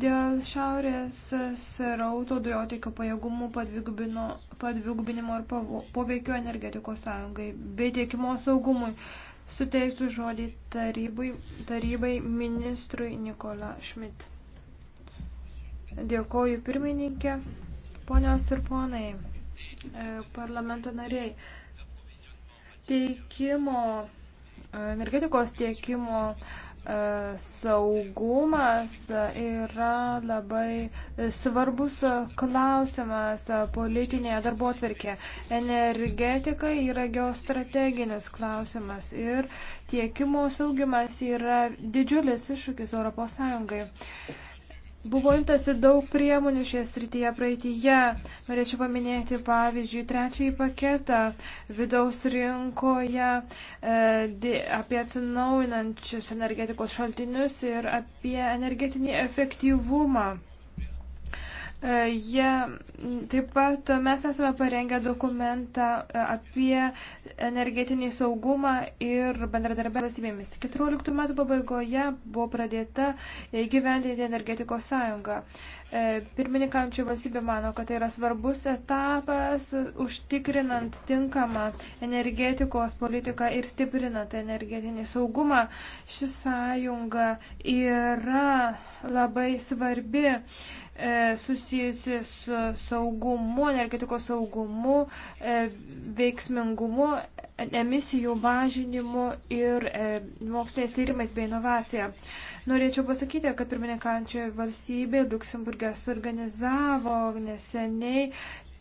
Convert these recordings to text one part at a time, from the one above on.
Dėl šiaurės srauto dujotikio pajėgumų padvigubinimo ir poveikio energetikos sąjungai bei tiekimo saugumui suteiksiu žodį tarybai, tarybai ministrui Nikola Šmit. Dėkoju pirmininkė, ponios ir ponai, e, parlamento nariai. Teikimo, energetikos tiekimo E, saugumas yra labai svarbus klausimas politinėje darbo atverkė. Energetika yra geostrateginis klausimas ir tiekimo saugimas yra didžiulis iššūkis Europos Sąjungai. Buvo imtasi daug priemonių šioje srityje praeitįje. Norėčiau paminėti, pavyzdžiui, trečiąjį paketą vidaus rinkoje e, apie atsinaujinančius energetikos šaltinius ir apie energetinį efektyvumą. E, jie taip pat mes esame parengę dokumentą e, apie energetinį saugumą ir bendradarbiavimą valstybėmis. 14 metų pabaigoje buvo pradėta įgyvendinti energetikos sąjungą. E, Pirmininkančių valstybė mano, kad tai yra svarbus etapas užtikrinant tinkamą energetikos politiką ir stiprinant energetinį saugumą. Ši sąjunga yra labai svarbi. E, susijusi su saugumu, energetikos saugumu, e, veiksmingumu, emisijų mažinimu ir e, moksliniais tyrimais bei inovacija. Norėčiau pasakyti, kad pirmininkančioje valstybė Luksemburgas organizavo neseniai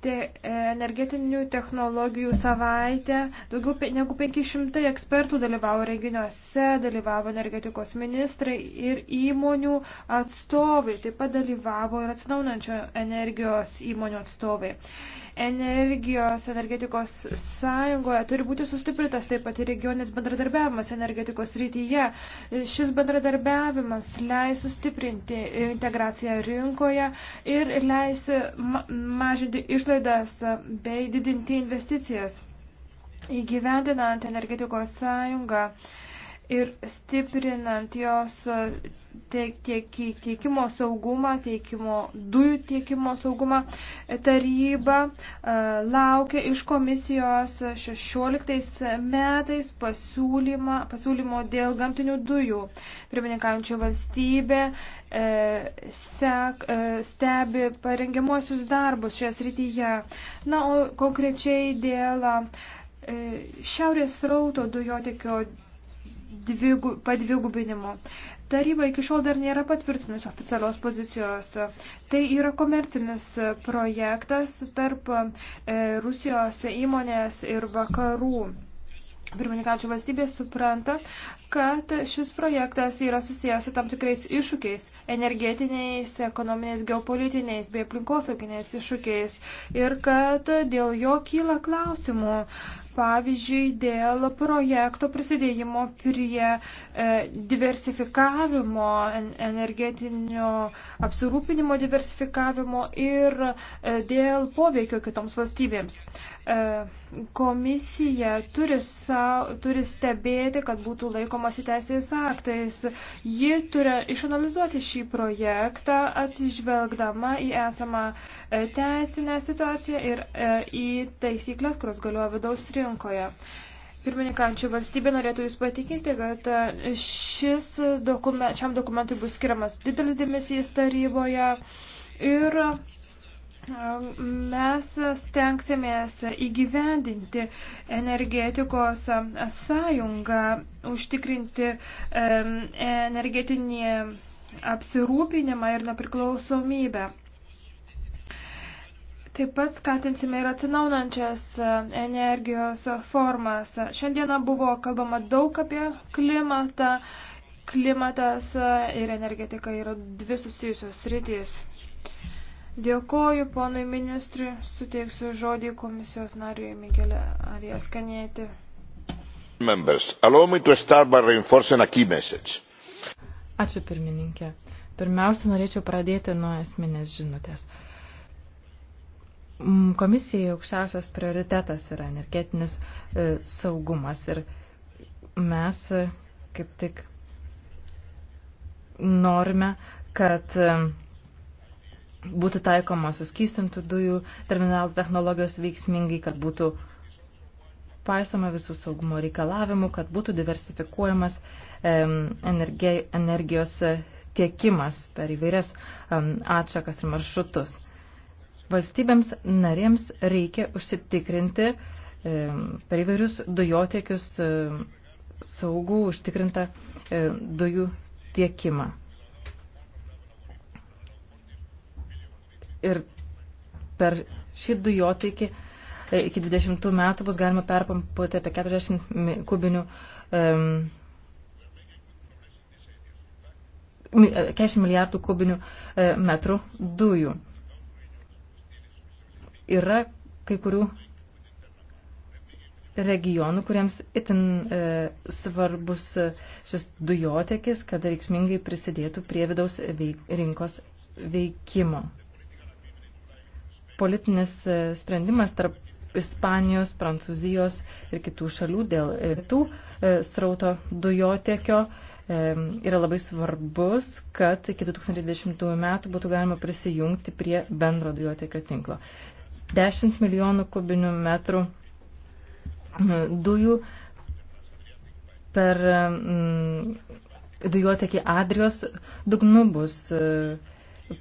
te, e, energetinių technologijų savaitę. Daugiau pe, negu 500 ekspertų dalyvavo renginiuose, dalyvavo energetikos ministrai ir įmonių atstovai. Taip pat dalyvavo ir atsinaunančio energijos įmonių atstovai energijos energetikos sąjungoje turi būti sustiprintas taip pat ir regioninis bendradarbiavimas energetikos rytyje. Šis bendradarbiavimas leis sustiprinti integraciją rinkoje ir leis mažinti išlaidas bei didinti investicijas. Įgyvendinant energetikos sąjungą, ir stiprinant jos e, tiekimo saugumą, tiekimo dujų tiekimo saugumą taryba e, laukia iš komisijos 16 metais pasiūlymo dėl gamtinių dujų. Pirmininkaujančio valstybė e, sek, stebi parengiamuosius darbus šioje srityje. Na, o konkrečiai dėl Šiaurės rauto dujotekio dvigu, padvigubinimu. Taryba iki šiol dar nėra patvirtinusi oficialios pozicijos. Tai yra komercinis projektas tarp e, Rusijos įmonės ir vakarų. Pirmininkančių valstybė supranta, kad šis projektas yra susijęs su tam tikrais iššūkiais - energetiniais, ekonominiais, geopolitiniais bei aplinkosauginiais iššūkiais ir kad dėl jo kyla klausimų pavyzdžiui, dėl projekto prisidėjimo prie e, diversifikavimo, en, energetinio apsirūpinimo diversifikavimo ir e, dėl poveikio kitoms valstybėms. E, komisija turi, sa, turi stebėti, kad būtų laikomasi teisės aktais. Ji turi išanalizuoti šį projektą, atsižvelgdama į esamą e, teisinę situaciją ir e, į taisyklės, kurios galioja vidaus rinkoje rinkoje. Pirmininkančių valstybė norėtų Jūs patikinti, kad e, šis dokument, šiam dokumentui bus skiriamas didelis dėmesys taryboje ir e, mes stengsimės įgyvendinti energetikos sąjungą, užtikrinti e, energetinį apsirūpinimą ir nepriklausomybę. Taip pat skatinsime ir atsinaunančias e, energijos formas. Šiandieną buvo kalbama daug apie klimatą. Klimatas e, ir energetika yra dvi susijusios sritys. Dėkoju ponui ministrui, suteiksiu žodį komisijos nariui Mikelė Arijas Kanėti. Members, allow me to start by reinforcing a key message. Ačiū pirmininkė. Pirmiausia, norėčiau pradėti nuo esminės žinutės. Uh, Mm, komisijai aukščiausias prioritetas yra energetinis e, saugumas ir mes e, kaip tik norime, kad e, būtų taikoma suskystintų dujų terminalų technologijos veiksmingai, kad būtų paisoma visų saugumo reikalavimų, kad būtų diversifikuojamas energijos tiekimas per įvairias atšakas ir maršrutus. Valstybėms narėms reikia užsitikrinti e, per įvairius dujotiekius e, saugų užtikrintą e, dujų tiekimą. Ir per šį dujotiekį iki 20 metų bus galima perpampuoti apie 40 kubinių 40 milijardų kubinių metrų dujų yra kai kurių regionų, kuriems itin e, svarbus e, šis dujotekis, kad reikšmingai prisidėtų prie vidaus veik, rinkos veikimo. Politinis e, sprendimas tarp Ispanijos, Prancūzijos ir kitų šalių dėl rytų e, e, srauto dujotekio e, yra labai svarbus, kad iki 2020 metų būtų galima prisijungti prie bendro dujotekio tinklo. 10 milijonų kubinių metrų e, dujų per mm, dujotekį Adrijos dugnu bus e,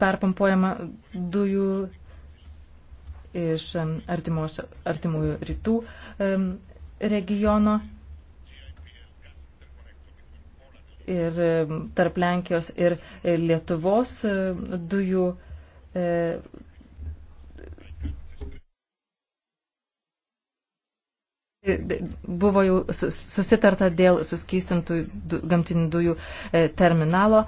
perpampuojama dujų iš e, artimos, artimųjų rytų regiono ir tarp Lenkijos ir Lietuvos dujų E, buvo jau susitarta dėl suskystintų gamtinių dujų e, terminalo.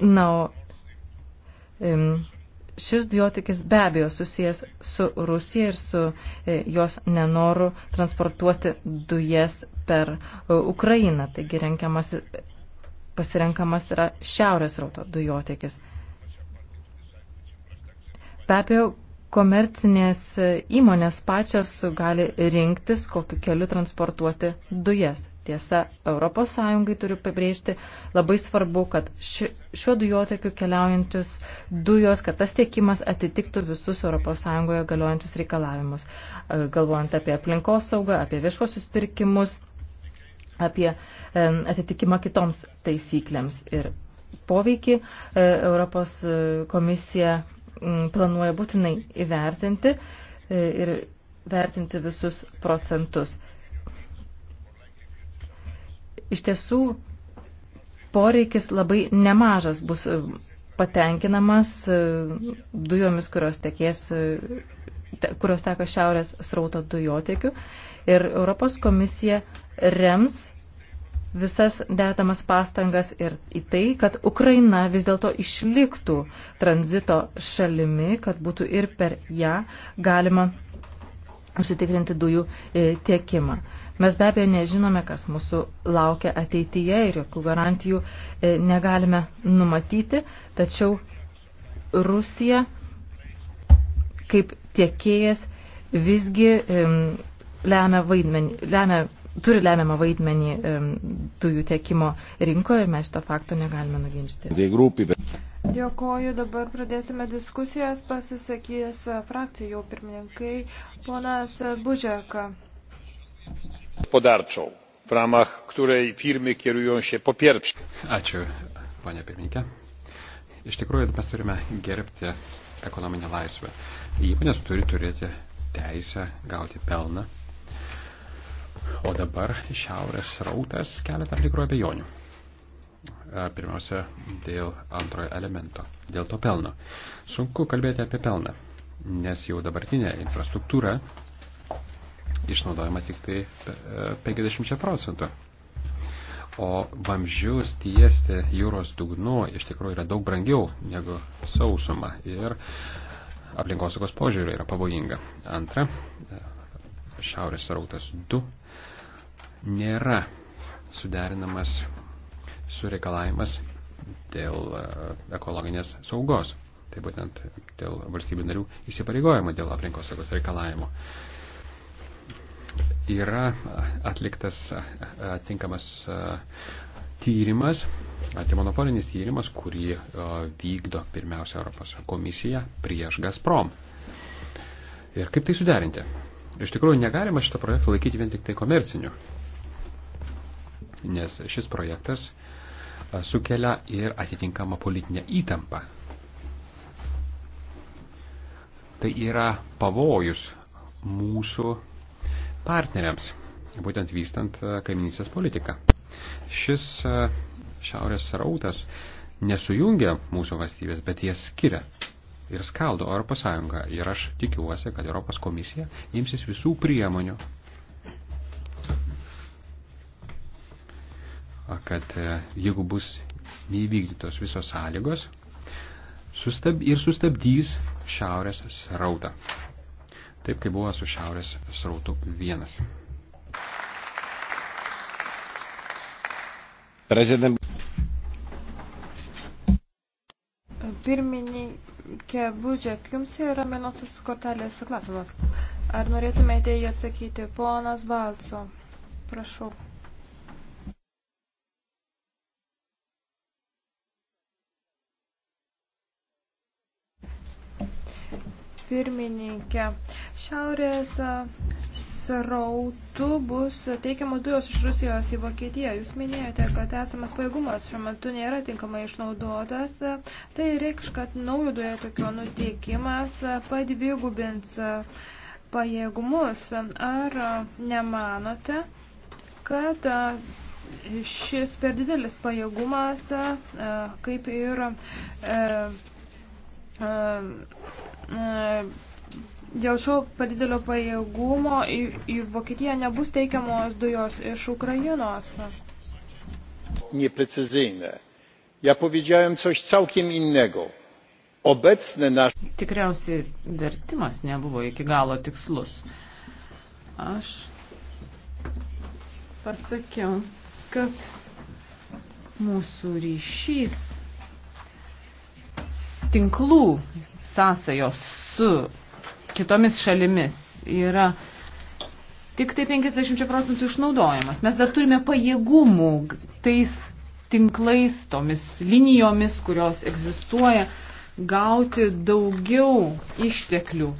Na, o šis dujotikis be abejo susijęs su Rusija ir su e, jos nenoru transportuoti dujas per Ukrainą. Taigi renkiamas, pasirenkamas yra šiaurės rauto dujotikis. Be abejo, komercinės įmonės pačios gali rinktis, kokiu keliu transportuoti dujas. Tiesa, ES turiu pabrėžti, labai svarbu, kad ši, šiuo dujotekiu keliaujantis dujos, kad tas tiekimas atitiktų visus ES galiojančius reikalavimus. E, galvojant apie aplinkos saugą, apie viešuosius pirkimus, apie e, atitikimą kitoms taisyklėms ir poveikį, e, Europos komisija Mm, planuoja būtinai įvertinti e, ir vertinti visus procentus. Iš tiesų, poreikis labai nemažas bus e, patenkinamas e, dujomis, kurios tekės kurios teka šiaurės srauto dujotiekiu. Ir Europos komisija rems visas dedamas pastangas ir į tai, kad Ukraina vis dėlto išliktų tranzito šalimi, kad būtų ir per ją galima užsitikrinti dujų e, tiekimą. Mes be abejo nežinome, kas mūsų laukia ateityje ir jokių garantijų e, negalime numatyti, tačiau Rusija kaip tiekėjas visgi lemia vaidmenį, lemia turi lemiamą vaidmenį dujų tiekimo rinkoje ir mes šito fakto negalime nuginčyti. Dėkoju, dabar pradėsime diskusijas, pasisakys frakcijų pirmininkai ponas Budžeka. Podarčiau, w ramach której firmy kierują się po pierwsze. Ačiū, ponia pirmininkė. Iš tikrųjų, mes turime gerbti ekonominę laisvę. Įmonės turi turėti teisę gauti pelną O dabar šiaurės rautas kelia tam tikrų abejonių. Pirmiausia, dėl antrojo elemento, dėl to pelno. Sunku kalbėti apie pelną, nes jau dabartinė infrastruktūra išnaudojama tik tai 50 e, procentų. O vamzdžius tiesti jūros dugnu iš tikrųjų yra daug brangiau negu sausuma ir aplinkosaugos požiūriu yra pavojinga. Antra, e, šiaurės rautas 2 nėra suderinamas su reikalavimas dėl e, ekologinės saugos. Tai būtent dėl valstybių narių įsipareigojimo dėl aplinkos saugos reikalavimo. Yra atliktas e, e, tinkamas tyrimas, antimonopolinis tyrimas, kurį vykdo pirmiausia Europos komisija prieš Gazprom. Ir kaip tai suderinti? Iš tikrųjų, negalima šitą projektą laikyti vien tik tai komerciniu nes šis projektas sukelia ir atitinkamą politinę įtampą. Tai yra pavojus mūsų partneriams, būtent vystant kaiminysės politiką. Šis šiaurės rautas nesujungia mūsų valstybės, bet jie skiria ir skaldo Europos Sąjungą. Ir aš tikiuosi, kad Europos komisija imsis visų priemonių kad e, jeigu bus neįvykdytos visos sąlygos, sustab, ir sustabdys šiaurės srautą. Taip kaip buvo su šiaurės srautu vienas. President... Pirmininkė Budžek, jums yra minosios kortelės klausimas. Ar norėtumėte jį atsakyti? Ponas Balco, prašau. pirmininkė. Šiaurės srautu bus teikiamos dujos iš Rusijos į Vokietiją. Jūs minėjote, kad esamas pajėgumas šiuo metu nėra tinkamai išnaudotas. Tai reikš, kad naujo dujo tokio nuteikimas padvigubins pajėgumus. Ar nemanote, kad šis per didelis pajėgumas, kaip ir e, e, E, dėl šio padidelio pajėgumo į, į Vokietiją nebus teikiamos dujos iš Ukrainos. Neprecizyjne. Ja powiedziałem coś całkiem innego. Obecne nasz... Tikriausiai vertimas nebuvo iki galo tikslus. Aš pasakiau, kad mūsų ryšys tinklų sąsajos su kitomis šalimis yra tik tai 50 procentų išnaudojamas. Mes dar turime pajėgumų tais tinklais, tomis linijomis, kurios egzistuoja, gauti daugiau išteklių.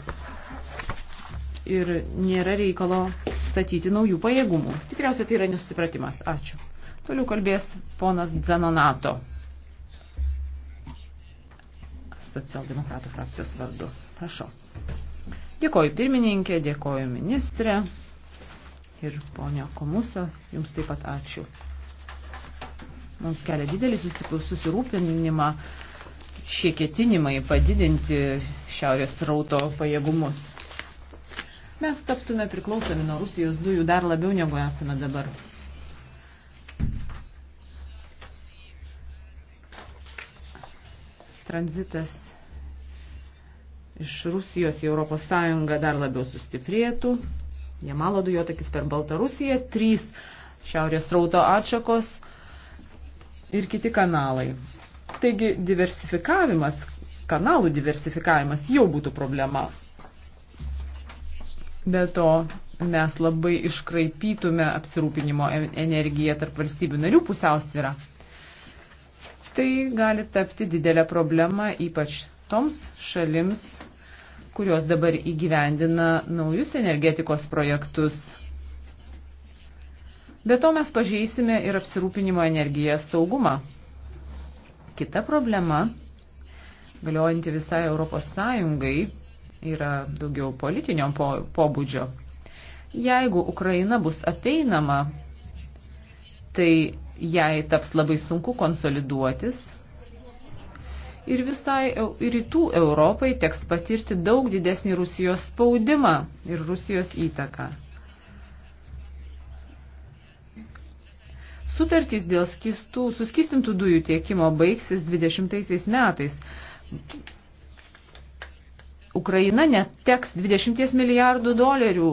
Ir nėra reikalo statyti naujų pajėgumų. Tikriausiai tai yra nesusipratimas. Ačiū. Toliau kalbės ponas Zanonato socialdemokratų frakcijos vardu. Prašau. Dėkoju pirmininkė, dėkoju ministrė ir ponia Komuso, jums taip pat ačiū. Mums kelia didelį susirūpinimą šie ketinimai padidinti šiaurės rauto pajėgumus. Mes taptume priklausomi nuo Rusijos dujų dar labiau negu esame dabar. tranzitas iš Rusijos į Europos Sąjungą dar labiau sustiprėtų. Jamalo dujotakis per Baltarusiją, trys šiaurės rauto atšakos ir kiti kanalai. Taigi diversifikavimas, kanalų diversifikavimas jau būtų problema. Be to, mes labai iškraipytume apsirūpinimo e- energiją tarp valstybių narių pusiausvyrą tai gali tapti didelę problemą ypač toms šalims, kurios dabar įgyvendina naujus energetikos projektus. Be to mes pažeisime ir apsirūpinimo energiją saugumą. Kita problema, galiojanti visai Europos Sąjungai, yra daugiau politinio po, pobūdžio. Jeigu Ukraina bus apeinama, tai jai taps labai sunku konsoliduotis ir visai rytų Europai teks patirti daug didesnį Rusijos spaudimą ir Rusijos įtaką. Sutartys dėl skistų, suskistintų dujų tiekimo baigsis 20 metais. Ukraina neteks 20 milijardų dolerių,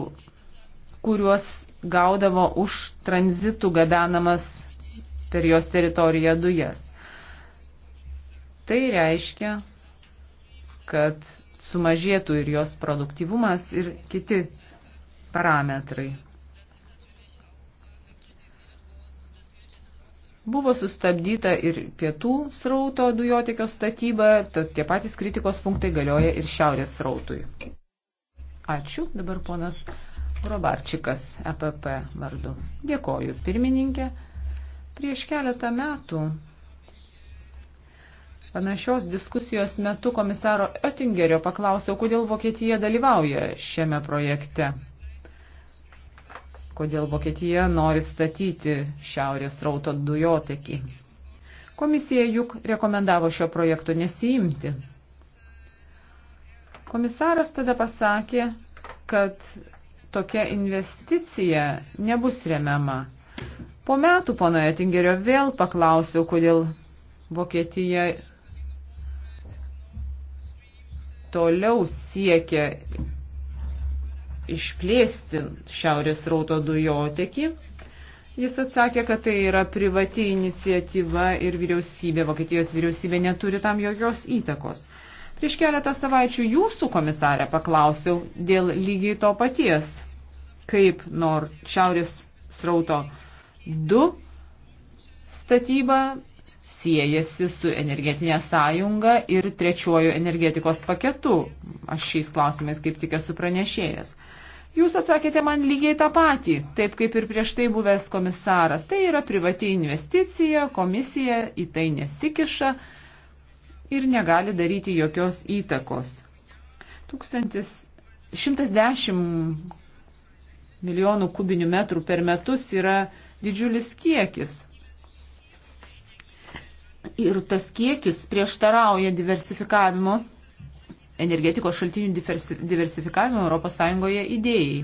kuriuos gaudavo už tranzitų gabenamas per jos teritoriją dujas. Tai reiškia, kad sumažėtų ir jos produktyvumas ir kiti parametrai. Buvo sustabdyta ir pietų srauto dujotikio statyba, tie patys kritikos punktai galioja ir šiaurės srautui. Ačiū, dabar ponas Robarčikas, EPP vardu. Dėkoju, pirmininkė. Prieš keletą metų panašios diskusijos metu komisaro Oettingerio paklausiau, kodėl Vokietija dalyvauja šiame projekte. Kodėl Vokietija nori statyti šiaurės rauto dujotekį. Komisija juk rekomendavo šio projekto nesiimti. Komisaras tada pasakė, kad tokia investicija nebus remiama. Po metų pono Etingerio vėl paklausiau, kodėl Vokietija toliau siekia išplėsti šiaurės rauto dujotekį. Jis atsakė, kad tai yra privati iniciatyva ir vyriausybė, Vokietijos vyriausybė neturi tam jokios įtakos. Prieš keletą savaičių jūsų komisarę paklausiau dėl lygiai to paties, kaip nor šiaurės srauto 2 statyba siejasi su energetinė sąjunga ir trečiuoju energetikos paketu. Aš šiais klausimais kaip tik esu pranešėjęs. Jūs atsakėte man lygiai tą patį, taip kaip ir prieš tai buvęs komisaras. Tai yra privati investicija, komisija į tai nesikiša ir negali daryti jokios įtakos. 1110 milijonų kubinių metrų per metus yra didžiulis kiekis. Ir tas kiekis prieštarauja diversifikavimo, energetikos šaltinių diversifikavimo ES idėjai.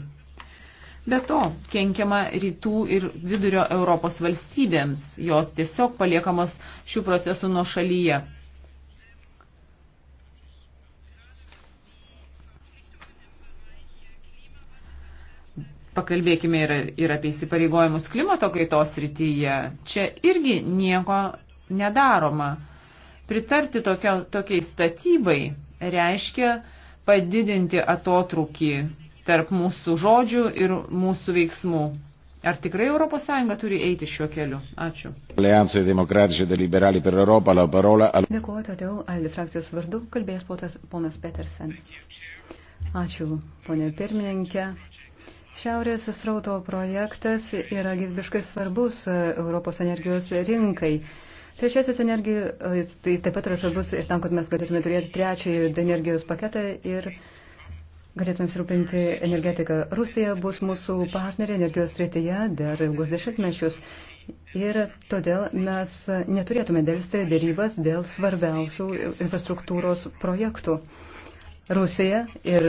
Be to, kenkiama rytų ir vidurio Europos valstybėms, jos tiesiog paliekamos šių procesų nuo šalyje. Pakalbėkime ir, ir apie įsipareigojimus klimato kaitos rytyje. Čia irgi nieko nedaroma. Pritarti tokio, tokiai statybai reiškia padidinti atotrukį tarp mūsų žodžių ir mūsų veiksmų. Ar tikrai ES turi eiti šiuo keliu? Ačiū. Alianzai demokratiškai de liberali per Europą, la parola. Al... Dėkuoju toliau, ALDE frakcijos vardu kalbės potas, ponas Petersen. Ačiū, ponė pirmininkė. Šiaurės srauto projektas yra gyvybiškai svarbus e, Europos energijos rinkai. Trečiasis energijos e, tai taip pat yra svarbus ir tam, kad mes galėtume turėti trečiąjį energijos paketą ir galėtume apsirūpinti energetiką. Rusija bus mūsų partnerė energijos srityje dar ilgus dešimtmečius ir todėl mes neturėtume dėlsti dėrybas dėl svarbiausių infrastruktūros projektų. Rusija ir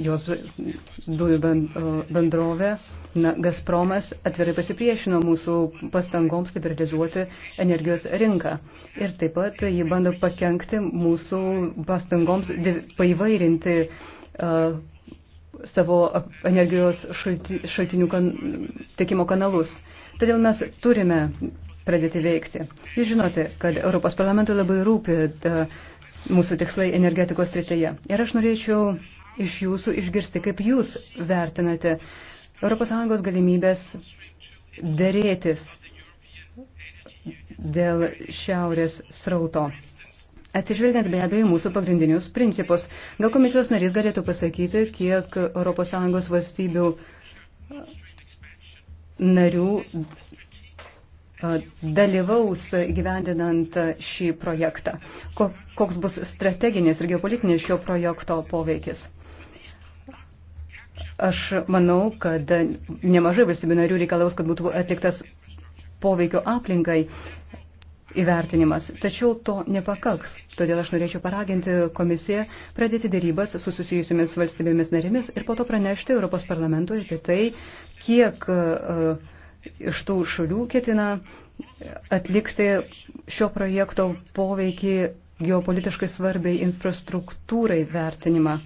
jos dujų bendrovė na, Gazpromas atvirai pasipriešino mūsų pastangoms liberalizuoti energijos rinką. Ir taip pat ji bando pakengti mūsų pastangoms paivairinti uh, savo energijos šalti, šaltinių kan, tikimo kanalus. Todėl mes turime pradėti veikti. Jūs žinote, kad Europos parlamentui labai rūpi. Uh, mūsų tikslai energetikos srityje. Ir aš norėčiau iš jūsų išgirsti, kaip jūs vertinate ES galimybės dėrėtis dėl šiaurės srauto. Atsižvelgiant be abejo mūsų pagrindinius principus, gal komisijos narys galėtų pasakyti, kiek ES valstybių narių dalyvaus gyvendinant šį projektą? Koks bus strateginis ir geopolitinis šio projekto poveikis? Aš manau, kad nemažai valstybių narių reikalaus, kad būtų atliktas poveikio aplinkai įvertinimas. Tačiau to nepakaks. Todėl aš norėčiau paraginti komisiją pradėti dėrybas su susijusiamis valstybėmis narėmis ir po to pranešti Europos parlamentui apie tai, kiek uh, iš tų šalių ketina atlikti šio projekto poveikį geopolitiškai svarbiai infrastruktūrai vertinimą.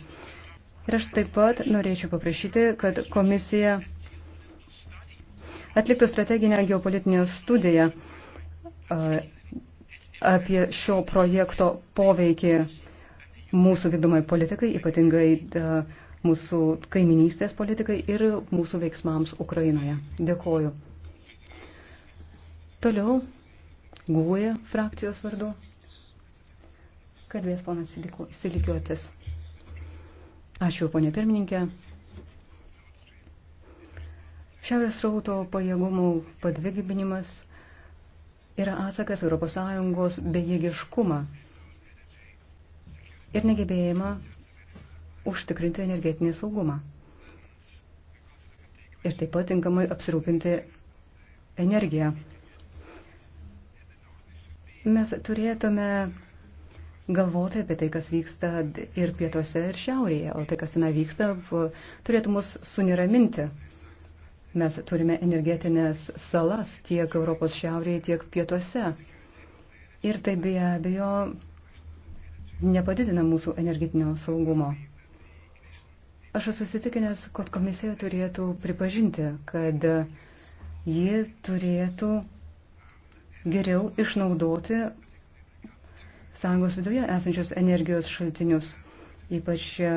Ir aš taip pat norėčiau paprašyti, kad komisija atliktų strateginę geopolitinę studiją apie šio projekto poveikį mūsų vykdomai politikai, ypatingai mūsų kaiminystės politikai ir mūsų veiksmams Ukrainoje. Dėkoju. Toliau guoja e frakcijos vardu. Kalbės ponas Silikiuotis. Ačiū, ponė pirmininkė. Šiaurės rauto pajėgumų padvigibinimas yra atsakas ES bejėgiškumą ir negebėjimą užtikrinti energetinį saugumą. Ir taip pat tinkamai apsirūpinti energiją mes turėtume galvoti apie tai, kas vyksta ir pietuose, ir šiaurėje, o tai, kas ten vyksta, turėtų mus suniraminti. Mes turime energetinės salas tiek Europos šiaurėje, tiek pietuose. Ir tai be abejo nepadidina mūsų energetinio saugumo. Aš esu įsitikinęs, kad komisija turėtų pripažinti, kad ji turėtų geriau išnaudoti sąjungos viduje esančios energijos šaltinius, ypač e,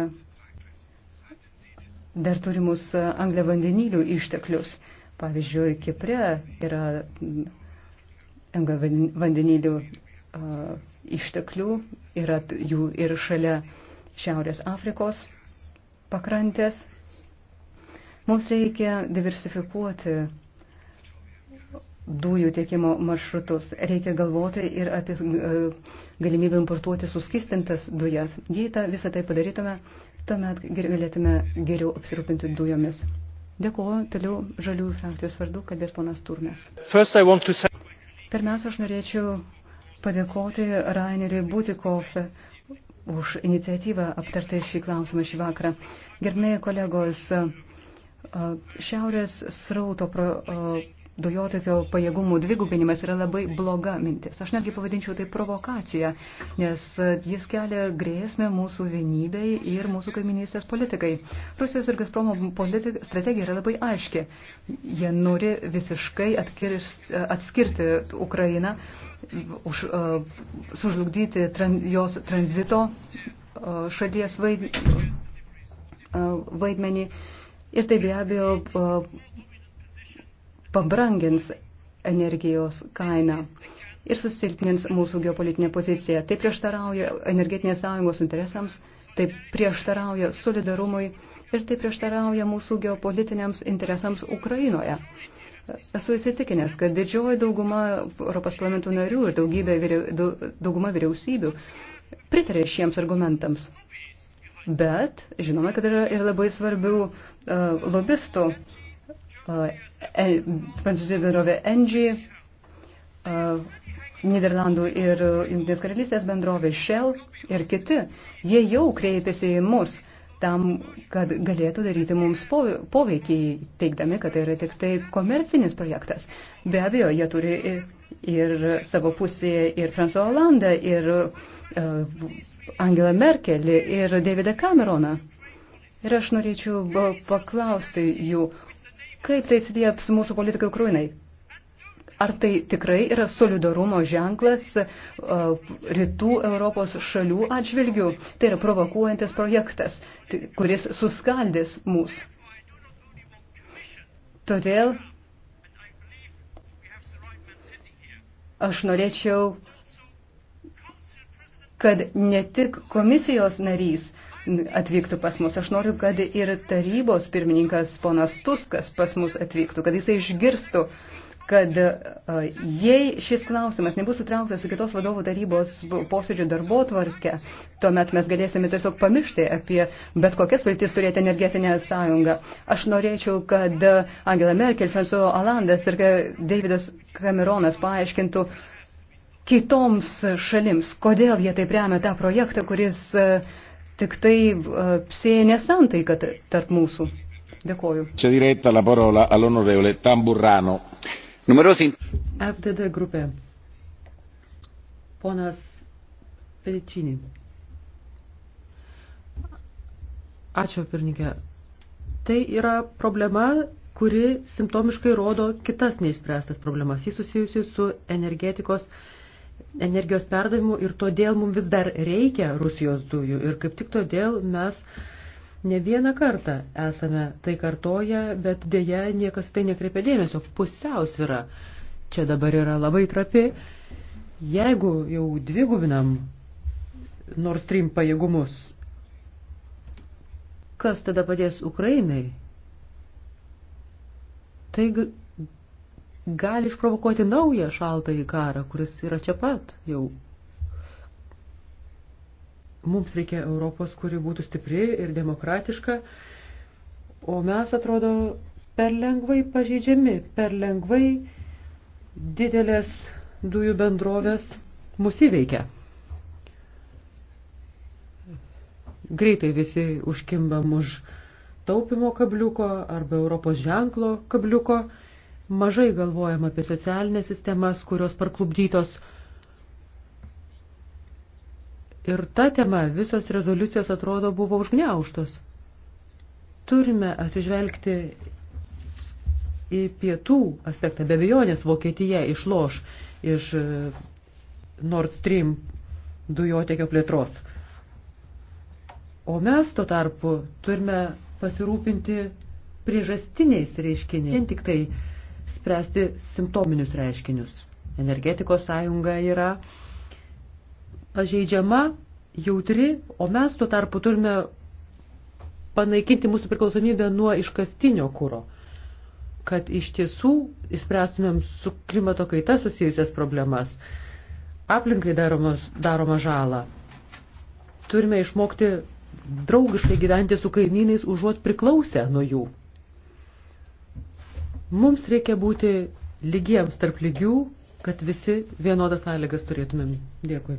dar turimus e, anglio vandenilių išteklius. Pavyzdžiui, Kipre yra anglio vandenilių e, išteklių, yra jų ir šalia Šiaurės Afrikos pakrantės. Mums reikia diversifikuoti dujų tiekimo maršrutus. Reikia galvoti ir apie e, galimybę importuoti suskistintas dujas. Jei tą, visą tai padarytume, tuomet galėtume geriau apsirūpinti dujomis. Dėkuoju, toliau žaliųjų frakcijos vardu kalbės ponas Turmes. To... Pirmiausia, aš norėčiau padėkoti Raineriui Būtikof už iniciatyvą aptarti šį klausimą šį vakarą. Gerbėjai kolegos, šiaurės srauto pro, dujotakio pajėgumų dvigubinimas yra labai bloga mintis. Aš netgi pavadinčiau tai provokacija, nes jis kelia grėsmę mūsų vienybei ir mūsų kaiminystės politikai. Rusijos ir Gazpromo politik, strategija yra labai aiški. Jie nori visiškai atkirs, atskirti Ukrainą, už, uh, sužlugdyti tran, jos tranzito uh, šalies vaid, uh, vaidmenį. Ir tai be abejo. Uh, pabrangins energijos kainą ir susilpnins mūsų geopolitinę poziciją. Tai prieštarauja energetinės sąjungos interesams, tai prieštarauja solidarumui ir tai prieštarauja mūsų geopolitiniams interesams Ukrainoje. Esu įsitikinęs, kad didžioji dauguma Europos parlamento narių ir daugybė, dauguma vyriausybių pritarė šiems argumentams. Bet žinoma, kad yra ir labai svarbių uh, lobistų uh, E, prancūzijos bendrovė Engie, Niderlandų ir Junktinės karalystės bendrovė Shell ir kiti. Jie jau kreipėsi į mus tam, kad galėtų daryti mums poveikį, teikdami, kad tai yra tik tai komercinis projektas. Be abejo, jie turi ir savo pusėje ir François Hollande, ir uh, Angela Merkel, ir Davidą Cameroną. Ir aš norėčiau paklausti jų, Kaip tai atsidėps mūsų politikai Ukrainai? Ar tai tikrai yra solidarumo ženklas uh, rytų Europos šalių atžvilgių? Tai yra provokuojantis projektas, kuris suskaldys mus. Todėl aš norėčiau, kad ne tik komisijos narys, atvyktų pas mus. Aš noriu, kad ir tarybos pirmininkas ponas Tuskas pas mus atvyktų, kad jisai išgirstų, kad e, jei šis klausimas nebus įtrauktas į kitos vadovų tarybos posėdžių darbo tvarkę, tuomet mes galėsime tiesiog pamiršti apie bet kokias viltis turėti energetinę sąjungą. Aš norėčiau, kad Angela Merkel, François Alandas ir Davidas Cameronas paaiškintų, kitoms šalims, kodėl jie taip remia tą projektą, kuris uh, tik tai e, sėja nesantaika tarp mūsų. Dėkoju. Čia diretta la parola all'onorevole Tamburrano. Numerosi. FDD grupė. Ponas Peličinį. Ačiū, pirmininkė. Tai yra problema, kuri simptomiškai rodo kitas neįspręstas problemas. Jis susijusi su energetikos energijos perdavimu ir todėl mums vis dar reikia Rusijos dujų. Ir kaip tik todėl mes ne vieną kartą esame tai kartoję, bet dėja niekas tai nekreipia dėmesio. Pusiausvyra čia dabar yra labai trapi. Jeigu jau dvigubinam Nord Stream pajėgumus, kas tada padės Ukrainai? Tai gali išprovokuoti naują šaltąjį karą, kuris yra čia pat jau. Mums reikia Europos, kuri būtų stipri ir demokratiška, o mes atrodo per lengvai pažeidžiami, per lengvai didelės dujų bendrovės mus įveikia. Greitai visi užkimbam už taupimo kabliuko arba Europos ženklo kabliuko Mažai galvojama apie socialinės sistemas, kurios parklubdytos. Ir ta tema visos rezoliucijos atrodo buvo užgneuštos. Turime atsižvelgti į pietų aspektą. Be abejonės Vokietija išloš iš e, Nord Stream dujotekio plėtros. O mes tuo tarpu turime pasirūpinti priežastiniais reiškiniais. Vien tik tai spręsti simptominius reiškinius. Energetikos sąjunga yra pažeidžiama, jautri, o mes tuo tarpu turime panaikinti mūsų priklausomybę nuo iškastinio kūro, kad iš tiesų įspręstumėm su klimato kaita susijusias problemas, aplinkai daromas, daroma žalą. Turime išmokti draugiškai gyventi su kaimynais, užuot priklausę nuo jų. Mums reikia būti lygiems tarp lygių, kad visi vienodas sąlygas turėtumėm. Dėkui.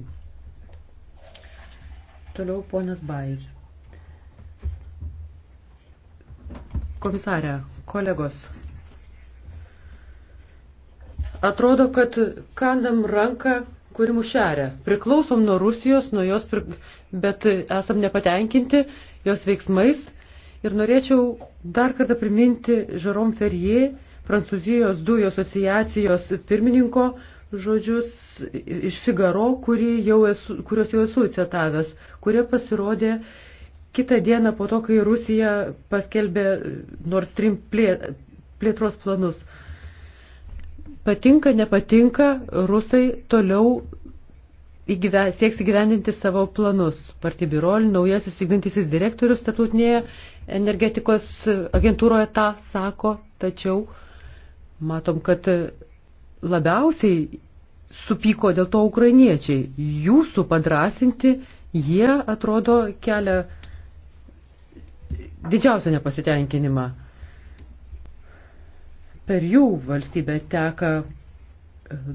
Toliau ponas Bai. Komisarė, kolegos. Atrodo, kad kandam ranką, kuri mušeria. Priklausom nuo Rusijos, nuo jos, pri... bet esam nepatenkinti jos veiksmais Ir norėčiau dar kartą priminti Žerom Ferrier, Prancūzijos dujų asociacijos pirmininko žodžius iš Figaro, jau esu, kuriuos jau esu citavęs, kurie pasirodė kitą dieną po to, kai Rusija paskelbė Nord Stream plėtros planus. Patinka, nepatinka, rusai toliau įgyve, sieks įgyvendinti savo planus. Partij Birol, naujasis vykdantisis direktorius statutinėje energetikos agentūroje tą sako, tačiau matom, kad labiausiai supyko dėl to ukrainiečiai. Jūsų padrasinti, jie atrodo kelia didžiausią nepasitenkinimą. Per jų valstybę teka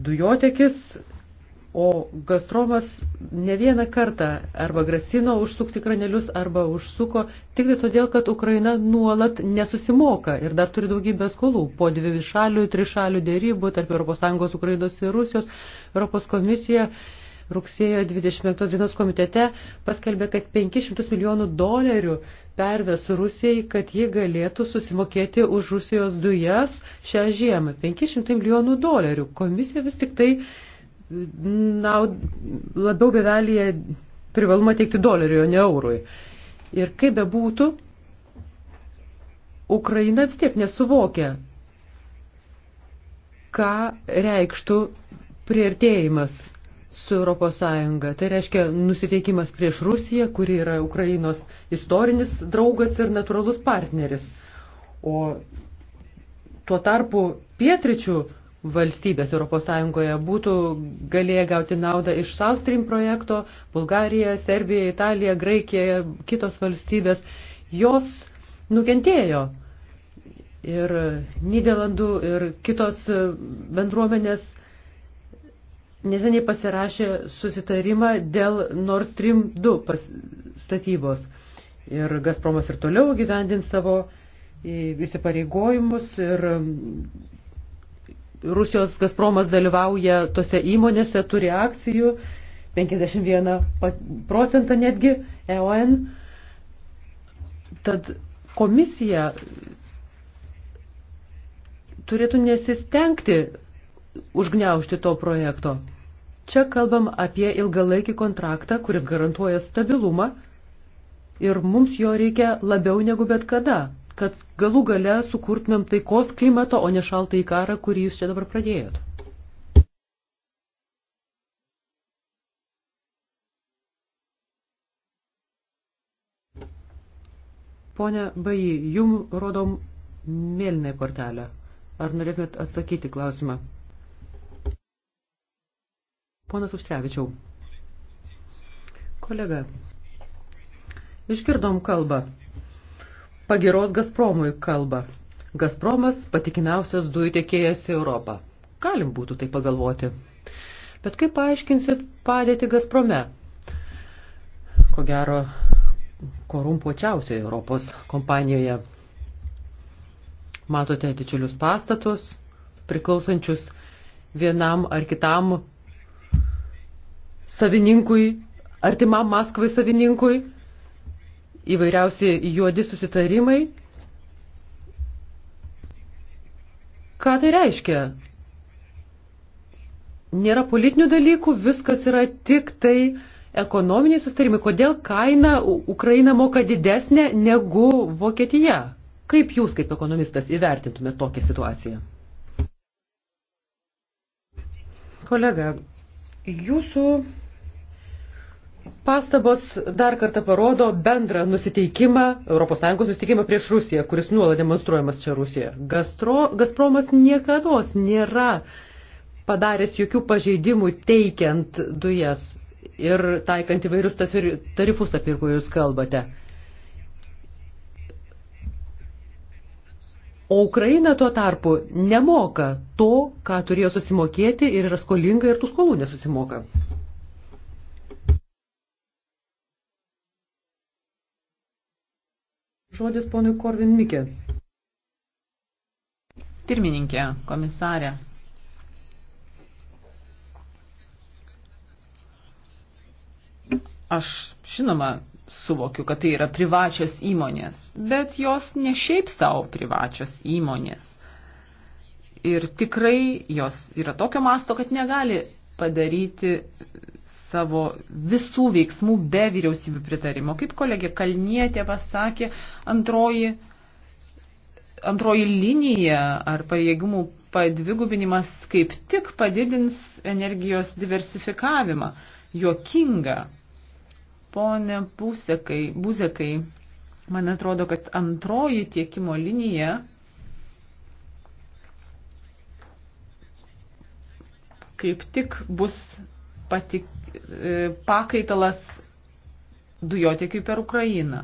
dujotekis, O Gazpromas ne vieną kartą arba grasino užsukti kranelius, arba užsuko tik tai todėl, kad Ukraina nuolat nesusimoka ir dar turi daugybę skolų. Po dvi šalių, trišalių dėrybų tarp ES, Ukrainos ir Rusijos, Europos komisija rugsėjo 25 dienos komitete paskelbė, kad 500 milijonų dolerių perves Rusijai, kad ji galėtų susimokėti už Rusijos dujas šią žiemą. 500 milijonų dolerių. Komisija vis tik tai naud, labiau bevelyje privalumą teikti doleriui, o ne eurui. Ir kaip be būtų, Ukraina vis tiek nesuvokia, ką reikštų priartėjimas su Europos Sąjunga. Tai reiškia nusiteikimas prieš Rusiją, kuri yra Ukrainos istorinis draugas ir natūralus partneris. O tuo tarpu pietričių valstybės ES būtų galėję gauti naudą iš South Stream projekto, Bulgarija, Serbija, Italija, Graikija, kitos valstybės, jos nukentėjo. Ir Niderlandų ir kitos bendruomenės neseniai pasirašė susitarimą dėl Nord Stream 2 statybos. Ir Gazpromas ir toliau gyvendins savo e, įsipareigojimus ir Rusijos Gazpromas dalyvauja tose įmonėse, turi akcijų, 51 procentą netgi EON. Tad komisija turėtų nesistengti užgneušti to projekto. Čia kalbam apie ilgalaikį kontraktą, kuris garantuoja stabilumą ir mums jo reikia labiau negu bet kada kad galų gale sukurtumėm taikos klimato, o ne šaltą į karą, kurį jūs čia dabar pradėjot. Pone Baji, jum rodom mėlynę kortelę. Ar norėtumėt atsakyti klausimą? Ponas Užtrevičiau. Kolega, išgirdom kalbą pagiros Gazpromui kalba. Gazpromas patikimiausias dujų tiekėjas į Europą. Galim būtų tai pagalvoti. Bet kaip paaiškinsit padėti Gazprome? Ko gero, korumpuočiausioje Europos kompanijoje. Matote didžiulius pastatus, priklausančius vienam ar kitam savininkui, artimam Maskvai savininkui, įvairiausi juodi susitarimai. Ką tai reiškia? Nėra politinių dalykų, viskas yra tik tai ekonominiai sustarimai. Kodėl kaina Ukraina moka didesnė negu Vokietija? Kaip jūs kaip ekonomistas įvertintumėte tokią situaciją? Kolega, jūsų pastabos dar kartą parodo bendrą nusiteikimą, ES nusiteikimą prieš Rusiją, kuris nuolat demonstruojamas čia Rusijoje. Gastro, Gazpromas niekada nėra padaręs jokių pažeidimų teikiant dujas ir taikant įvairius tarifus, apie kurį jūs kalbate. O Ukraina tuo tarpu nemoka to, ką turėjo susimokėti ir yra skolinga ir tų skolų nesusimoka. Žodis ponui Korvin Mikė. Pirmininkė, komisarė. Aš, žinoma, suvokiu, kad tai yra privačios įmonės, bet jos ne šiaip savo privačios įmonės. Ir tikrai jos yra tokio masto, kad negali padaryti savo visų veiksmų be vyriausybių pritarimo. Kaip kolegė Kalnietė pasakė, antroji, antroji linija ar pajėgumų padvigubinimas kaip tik padidins energijos diversifikavimą. Jokinga. Pone Pusekai, Buzekai, man atrodo, kad antroji tiekimo linija kaip tik bus patik, e, pakaitalas dujotiekiui per Ukrainą.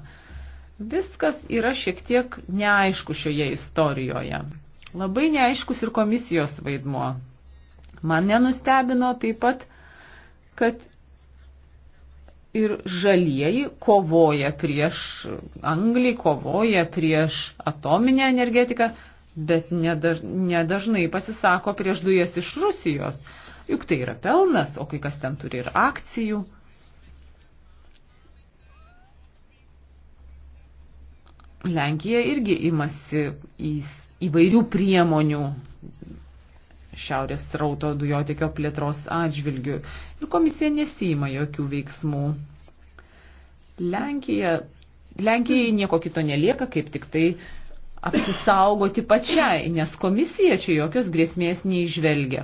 Viskas yra šiek tiek neaišku šioje istorijoje. Labai neaiškus ir komisijos vaidmuo. Man nenustebino taip pat, kad ir žalieji kovoja prieš Anglį, kovoja prieš atominę energetiką, bet nedaž, nedažnai pasisako prieš dujas iš Rusijos juk tai yra pelnas, o kai kas ten turi ir akcijų. Lenkija irgi imasi į, įvairių priemonių šiaurės rauto dujotikio plėtros atžvilgių ir komisija nesima jokių veiksmų. Lenkija, Lenkijai nieko kito nelieka, kaip tik tai apsisaugoti pačiai, nes komisija čia jokios grėsmės neižvelgia.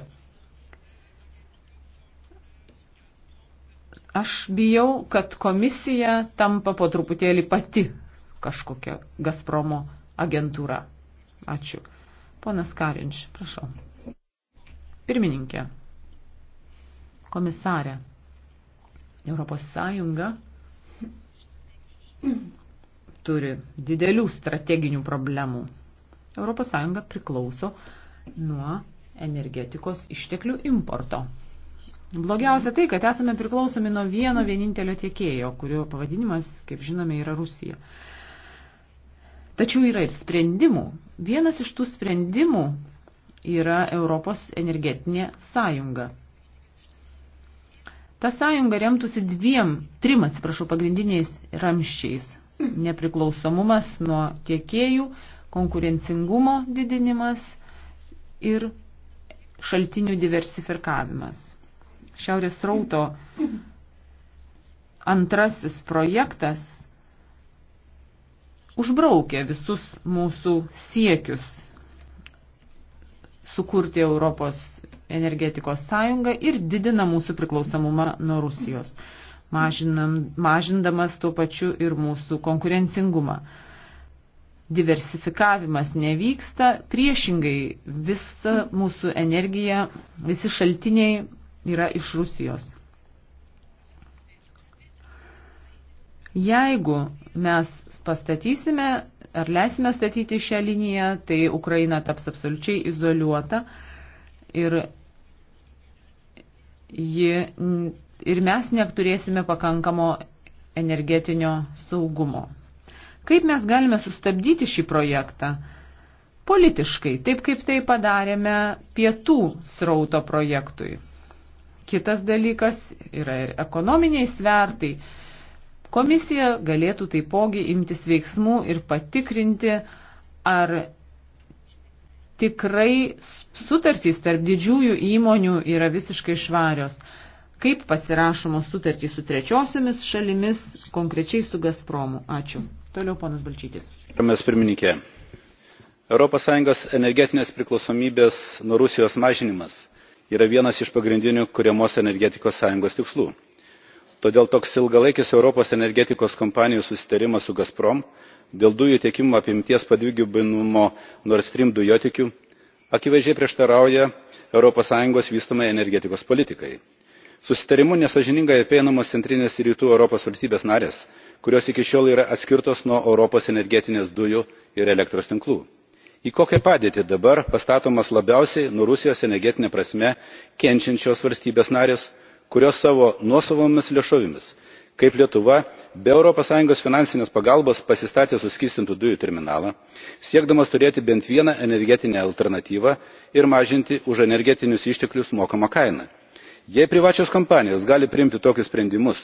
Aš bijau, kad komisija tampa po truputėlį pati kažkokia Gazpromo agentūra. Ačiū. Ponas Karinč, prašau. Pirmininkė, komisarė, Europos Sąjunga turi didelių strateginių problemų. Europos Sąjunga priklauso nuo energetikos išteklių importo. Blogiausia tai, kad esame priklausomi nuo vieno vienintelio tiekėjo, kurio pavadinimas, kaip žinome, yra Rusija. Tačiau yra ir sprendimų. Vienas iš tų sprendimų yra Europos energetinė sąjunga. Ta sąjunga remtųsi dviem, trim, atsiprašau, pagrindiniais ramščiais. Nepriklausomumas nuo tiekėjų, konkurencingumo didinimas ir šaltinių diversifikavimas. Šiaurės trauto antrasis projektas užbraukė visus mūsų siekius sukurti Europos energetikos sąjungą ir didina mūsų priklausomumą nuo Rusijos, mažinam, mažindamas tuo pačiu ir mūsų konkurencingumą. Diversifikavimas nevyksta, priešingai visa mūsų energija, visi šaltiniai yra iš Rusijos. Jeigu mes pastatysime ar leisime statyti šią liniją, tai Ukraina taps absoliučiai izoliuota ir, ji, ir mes neturėsime pakankamo energetinio saugumo. Kaip mes galime sustabdyti šį projektą? Politiškai, taip kaip tai padarėme pietų srauto projektui. Kitas dalykas yra ir ekonominiai svertai. Komisija galėtų taipogi imtis veiksmų ir patikrinti, ar tikrai sutartys tarp didžiųjų įmonių yra visiškai švarios. Kaip pasirašomos sutartys su trečiosiomis šalimis, konkrečiai su Gazpromu. Ačiū. Toliau ponas Balčytis. Mes pirmininkė. ES energetinės priklausomybės nuo Rusijos mažinimas yra vienas iš pagrindinių kuriamos energetikos sąjungos tikslų todėl toks ilgalaikis europos energetikos kompanijų susitarimas su gazprom dėl dujų tiekimo apimties padvigubinimo nord stream dujotiekiu akivaizdžiai prieštarauja europos sąjungos vystomai energetikos politikai. susitarimu nesąžiningai apeinamos centrinės ir rytų europos valstybės narės kurios iki šiol yra atskirtos nuo europos energetinės dujų ir elektros tinklų į kokią padėtį dabar pastatomos labiausiai nuo rusijos energetine prasme kenčiančios valstybės narės kurios savo nuosavomis lėšomis kaip lietuva be europos sąjungos finansinės pagalbos pasistatė suskystintų dujų terminalą siekdamos turėti bent vieną energetinę alternatyvą ir mažinti už energetinius išteklius mokamą kainą. jei privačios kompanijos gali priimti tokius sprendimus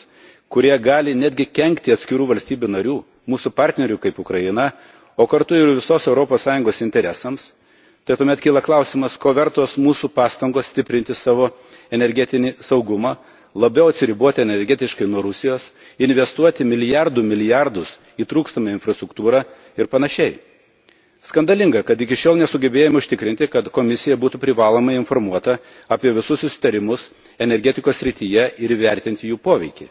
kurie gali netgi kenkti atskirų valstybių narių mūsų partnerių kaip ukraina o kartu ir visos europos sąjungos interesams tai tuomet kyla klausimas ko vertos mūsų pastangos stiprinti savo energetinį saugumą labiau atsiriboti energetiškai nuo rusijos investuoti milijardų milijardus į trūkstamą infrastruktūrą ir panašiai. skandalinga kad iki šiol nesugebėjome užtikrinti kad komisija būtų privalomai informuota apie visus susitarimus energetikos srityje ir įvertinti jų poveikį.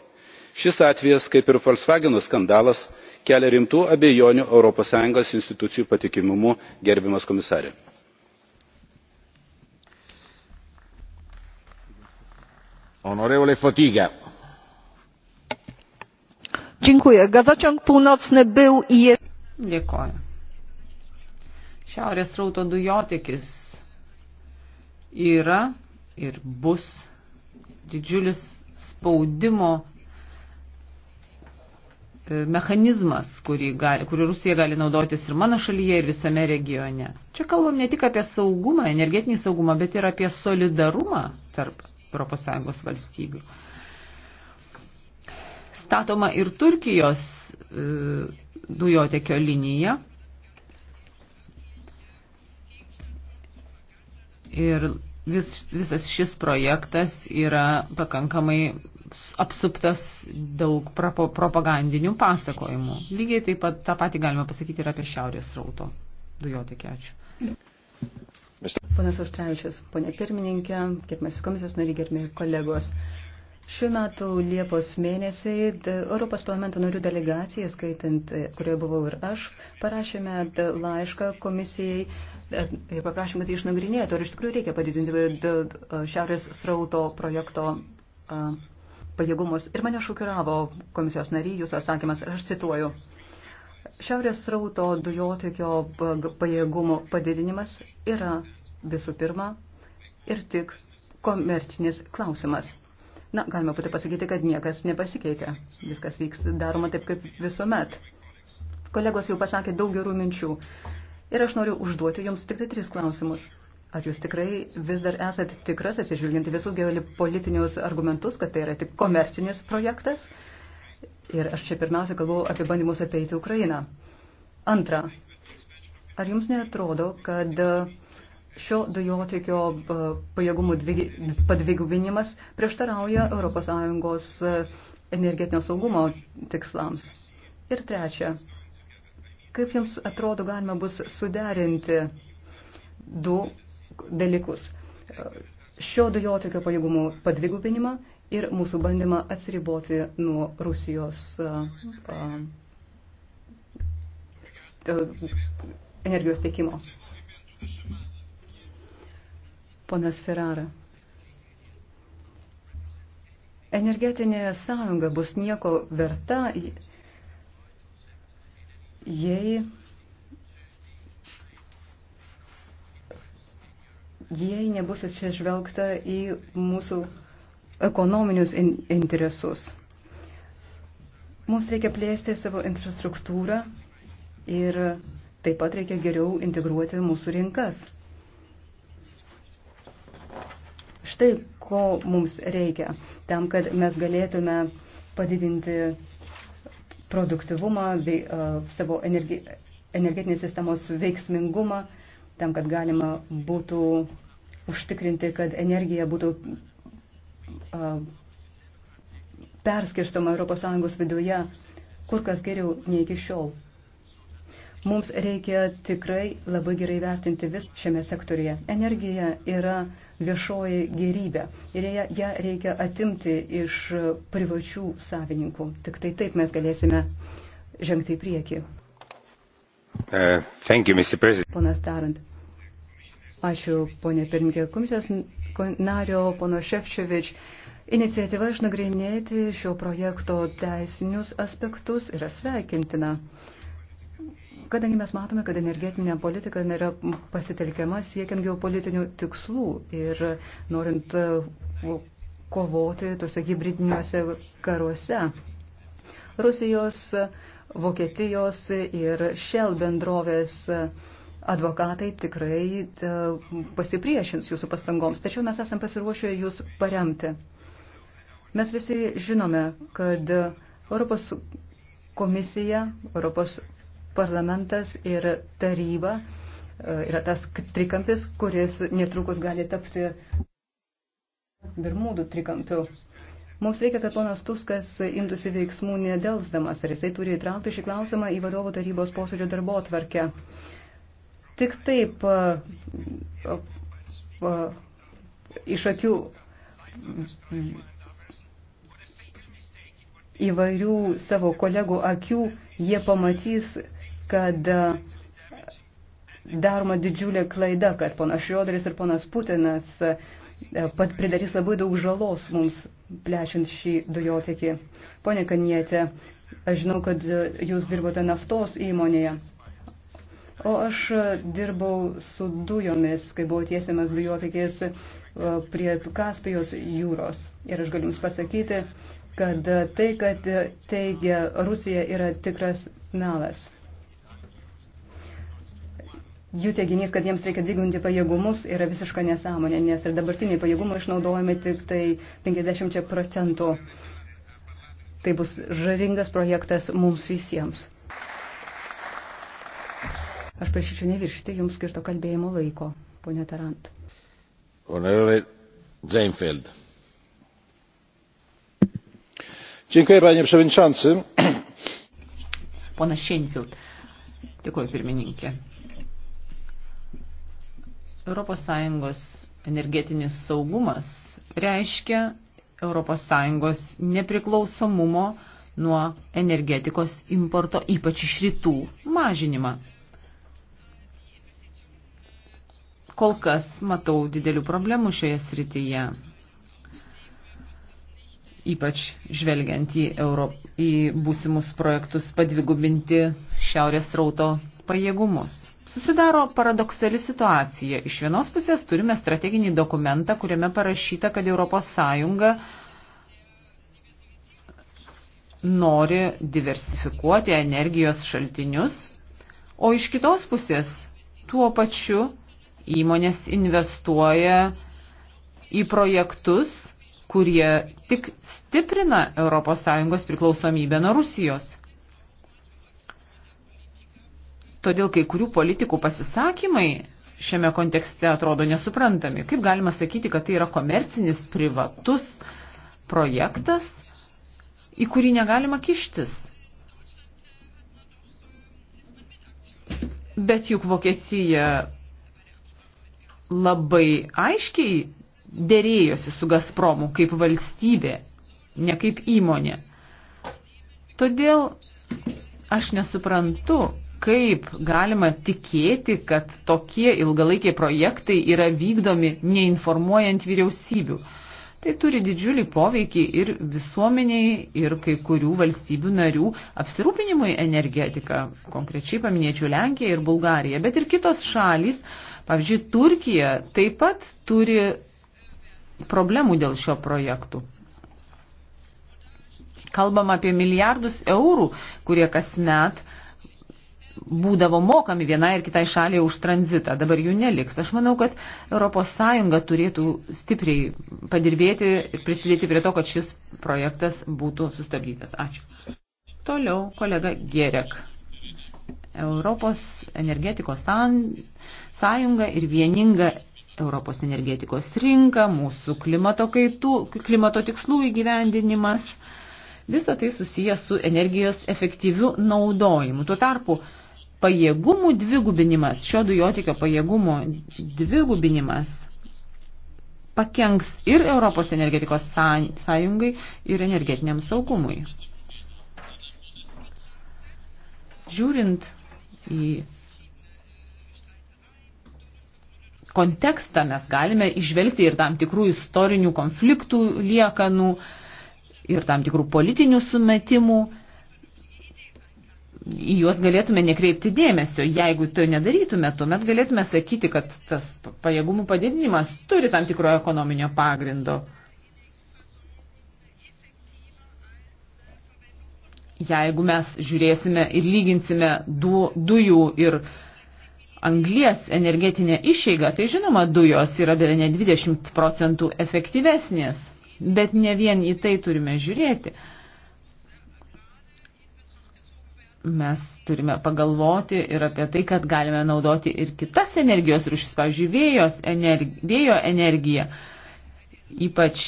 šis atvejis kaip ir volkswagen skandalas kelia rimtų abejonių europos sąjungos institucijų patikimumu gerbiamas komisare. gazociąg północny był i jest. Dėkoju. Šiaurės rauto dujotikis yra ir bus didžiulis spaudimo E, mechanizmas, kurį, gali, kurį Rusija gali naudotis ir mano šalyje, ir visame regione. Čia kalbam ne tik apie saugumą, energetinį saugumą, bet ir apie solidarumą tarp ES valstybių. Statoma ir Turkijos e, dujotekio linija. Ir vis, visas šis projektas yra pakankamai apsuptas daug propagandinių pasakojimų. Lygiai taip pat tą patį galima pasakyti ir apie šiaurės srauto dujotekį. Ačiū. Ponas Užtrevičius, ponė pirmininkė, gerbėmės komisijos nariai, gerbėmės kolegos. Šiuo metu Liepos mėnesį Europos parlamento narių delegacija, skaitant, e, kurioje buvau ir aš, parašėme laišką komisijai e, ir paprašėme, kad išnagrinėtų, ar iš tikrųjų reikia padidinti e, šiaurės srauto projekto pajėgumus. Ir mane šokiravo komisijos nariai jūsų atsakymas, aš cituoju. Šiaurės srauto dujotikio pajėgumų padidinimas yra visų pirma ir tik komercinis klausimas. Na, galima būtų pasakyti, kad niekas nepasikeitė. Viskas vyksta daroma taip, kaip visuomet. Kolegos jau pasakė daug gerų minčių. Ir aš noriu užduoti jums tik tai tris klausimus. Ar jūs tikrai vis dar esat tikras, atsižvelginti visus geopolitinius argumentus, kad tai yra tik komercinis projektas? Ir aš čia pirmiausia kalbu apie bandymus apeiti Ukrainą. Antra, ar jums netrodo, kad šio dujotikio e, pajėgumų padvigubinimas prieštarauja ES e, energetinio saugumo tikslams? Ir trečia, kaip jums atrodo galima bus suderinti du dalykus. Šio dujotikio pajėgumų padvigubinimą ir mūsų bandymą atsiriboti nuo Rusijos energijos tiekimo. Ponas Ferrara. Energetinė sąjunga bus nieko verta, jei jei nebus atsižvelgta į mūsų ekonominius in interesus. Mums reikia plėsti savo infrastruktūrą ir taip pat reikia geriau integruoti mūsų rinkas. Štai ko mums reikia tam, kad mes galėtume padidinti produktivumą, vei, uh, savo energi, energetinės sistemos veiksmingumą. Uh, tam, kad galima būtų užtikrinti, kad energija būtų uh, perskirstoma ES viduje kur kas geriau nei iki šiol. Mums reikia tikrai labai gerai vertinti vis šiame sektorije. Energija yra viešoji gerybė ir ją, ją reikia atimti iš privačių savininkų. Tik tai taip mes galėsime žengti į priekį. Uh, thank you, Mr. President. Ponas Tarant. Ačiū, ponė pirmininkė. Komisijos nario pono Šefčevič. Iniciatyva išnagrinėti šio projekto teisinius aspektus yra sveikintina. Kadangi mes matome, kad energetinė politika nėra pasitelkiama siekiant geopolitinių tikslų ir norint uh, kovoti tuose hybridiniuose karuose. Rusijos uh, Vokietijos ir Shell bendrovės advokatai tikrai e, pasipriešins jūsų pastangoms, tačiau mes esam pasiruošę jūs paremti. Mes visi žinome, kad Europos komisija, Europos parlamentas ir taryba e, yra tas trikampis, kuris netrukus gali tapti Bermudų trikampiu. Mums reikia, kad ponas Tuskas imtųsi veiksmų nedelsdamas, ar jisai turi įtraukti šį klausimą į vadovų tarybos posėdžio darbo atvarkę. Tik taip a, a, iš akių įvairių savo kolegų akių jie pamatys, kad daroma didžiulė klaida, kad ponas Šrioderis ir ponas Putinas E, pat pridarys labai daug žalos mums plečiant šį dujotekį. Pone Kanietė, aš žinau, kad e, jūs dirbote naftos įmonėje. O aš e, dirbau su dujomis, kai buvo tiesiamas dujotekis prie Kaspijos jūros. Ir aš galiu Jums pasakyti, kad tai, kad teigia Rusija, yra tikras melas jų teiginys, kad jiems reikia dviguinti pajėgumus, yra visiška nesąmonė, nes ir dabartiniai pajėgumai išnaudojami tik tai 50 procentų. Tai bus žavingas projektas mums visiems. Aš prašyčiau neviršyti jums skirto kalbėjimo laiko, ponė Tarant. Honorable Zeinfeld. Dziękuję, panie przewodniczący. Ponas Šeinfeld. Dėkuoju, pirmininkė. ES energetinis saugumas reiškia ES nepriklausomumo nuo energetikos importo, ypač iš rytų, mažinimą. Kol kas matau didelių problemų šioje srityje ypač žvelgiant į, Euro, į būsimus projektus padvigubinti šiaurės rauto pajėgumus. Susidaro paradoksali situacija. Iš vienos pusės turime strateginį dokumentą, kuriame parašyta, kad ES nori diversifikuoti energijos šaltinius, o iš kitos pusės tuo pačiu įmonės investuoja į projektus, kurie tik stiprina ES priklausomybę nuo Rusijos. Todėl kai kurių politikų pasisakymai šiame kontekste atrodo nesuprantami. Kaip galima sakyti, kad tai yra komercinis, privatus projektas, į kurį negalima kištis? Bet juk Vokietija labai aiškiai dėrėjosi su Gazpromu kaip valstybė, ne kaip įmonė. Todėl aš nesuprantu, kaip galima tikėti, kad tokie ilgalaikiai projektai yra vykdomi neinformuojant vyriausybių. Tai turi didžiulį poveikį ir visuomeniai, ir kai kurių valstybių narių apsirūpinimui energetika. Konkrečiai paminėčiau Lenkiją ir Bulgariją, bet ir kitos šalys, pavyzdžiui, Turkija taip pat turi problemų dėl šio projektų. Kalbam apie milijardus eurų, kurie kasmet uh, būdavo mokami vienai ir kitai šaliai už tranzitą, dabar jų neliks. Aš manau, kad ES turėtų stipriai padirbėti ir prisidėti prie to, kad šis projektas būtų sustabdytas. Ačiū. Toliau kolega Gerek. Europos energetikos sąjunga ir vieninga Europos energetikos rinka, mūsų klimato, kaitų, klimato tikslų įgyvendinimas. Visa tai susijęs su energijos efektyviu naudojimu. Tuo tarpu pajėgumų dvigubinimas, šio dujotikio pajėgumų dvigubinimas pakenks ir Europos energetikos sąjungai ir energetiniam saugumui. Žiūrint į kontekstą mes galime išvelgti ir tam tikrų istorinių konfliktų liekanų, ir tam tikrų politinių sumetimų, į juos galėtume nekreipti dėmesio. Jeigu to nedarytume, tuomet galėtume sakyti, kad tas pajėgumų padidinimas turi tam tikrojo ekonominio pagrindo. Jeigu mes žiūrėsime ir lyginsime du, dujų ir anglies energetinę išeigą, tai žinoma, dujos yra beveik ne 20 procentų efektyvesnės, bet ne vien į tai turime žiūrėti. mes turime pagalvoti ir apie tai, kad galime naudoti ir kitas energijos rušis, pavyzdžiui, vėjos energi, vėjo energiją, ypač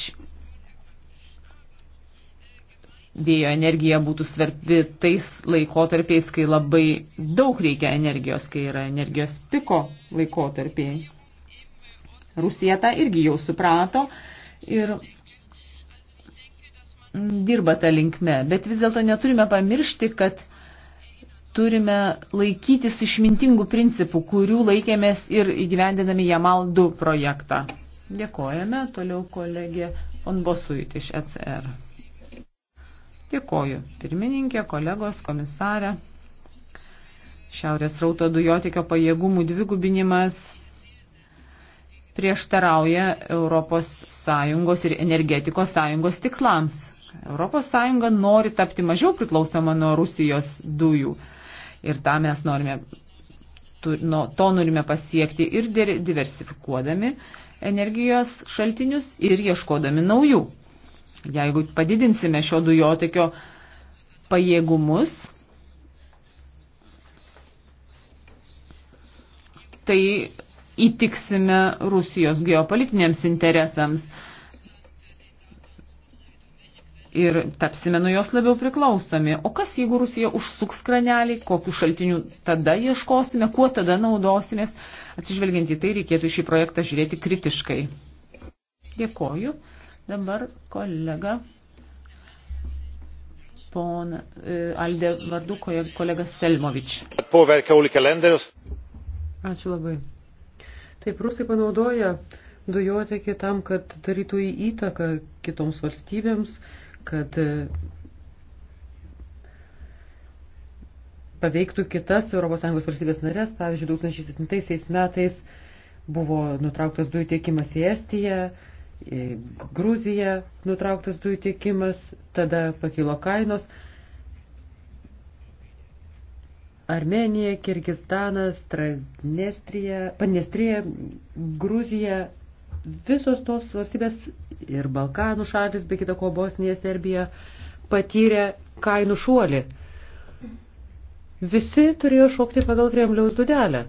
vėjo energija būtų svarbi tais laikotarpiais, kai labai daug reikia energijos, kai yra energijos piko laikotarpiai. Rusija tą irgi jau suprato ir dirba tą linkme, bet vis dėlto neturime pamiršti, kad turime laikytis išmintingų principų, kurių laikėmės ir įgyvendinami Jamal 2 projektą. Dėkojame. Toliau kolegė Onbosuit iš ECR. Dėkoju. Pirmininkė, kolegos, komisarė. Šiaurės rauto dujotikio pajėgumų dvigubinimas prieštarauja Europos Sąjungos ir energetikos sąjungos tikslams. Europos Sąjunga nori tapti mažiau priklausoma nuo Rusijos dujų. Ir tą mes norime, to norime pasiekti ir diversifikuodami energijos šaltinius ir ieškodami naujų. Jeigu padidinsime šio dujotekio pajėgumus, tai įtiksime Rusijos geopolitiniams interesams ir tapsime nuo jos labiau priklausomi. O kas, jeigu Rusija užsuks kranelį, kokiu šaltiniu tada ieškosime, kuo tada naudosimės, atsižvelgiant į tai reikėtų šį projektą žiūrėti kritiškai. Dėkoju. Dabar kolega pon e, Alde vardu kolega Selmovič. Ačiū labai. Taip, rusai panaudoja dujotekį tam, kad darytų įtaką kitoms valstybėms kad paveiktų kitas ES valstybės narės. Pavyzdžiui, 2007 metais buvo nutrauktas dujų tiekimas į Estiją, į Gruziją nutrauktas dujų tiekimas, tada pakilo kainos. Armenija, Kirgistanas, Transnestrija, Panestrija, Gruzija visos tos valstybės ir Balkanų šalis, be kita ko Bosnija, Serbija, patyrė kainų šuolį. Visi turėjo šokti pagal Kremliaus dudelę.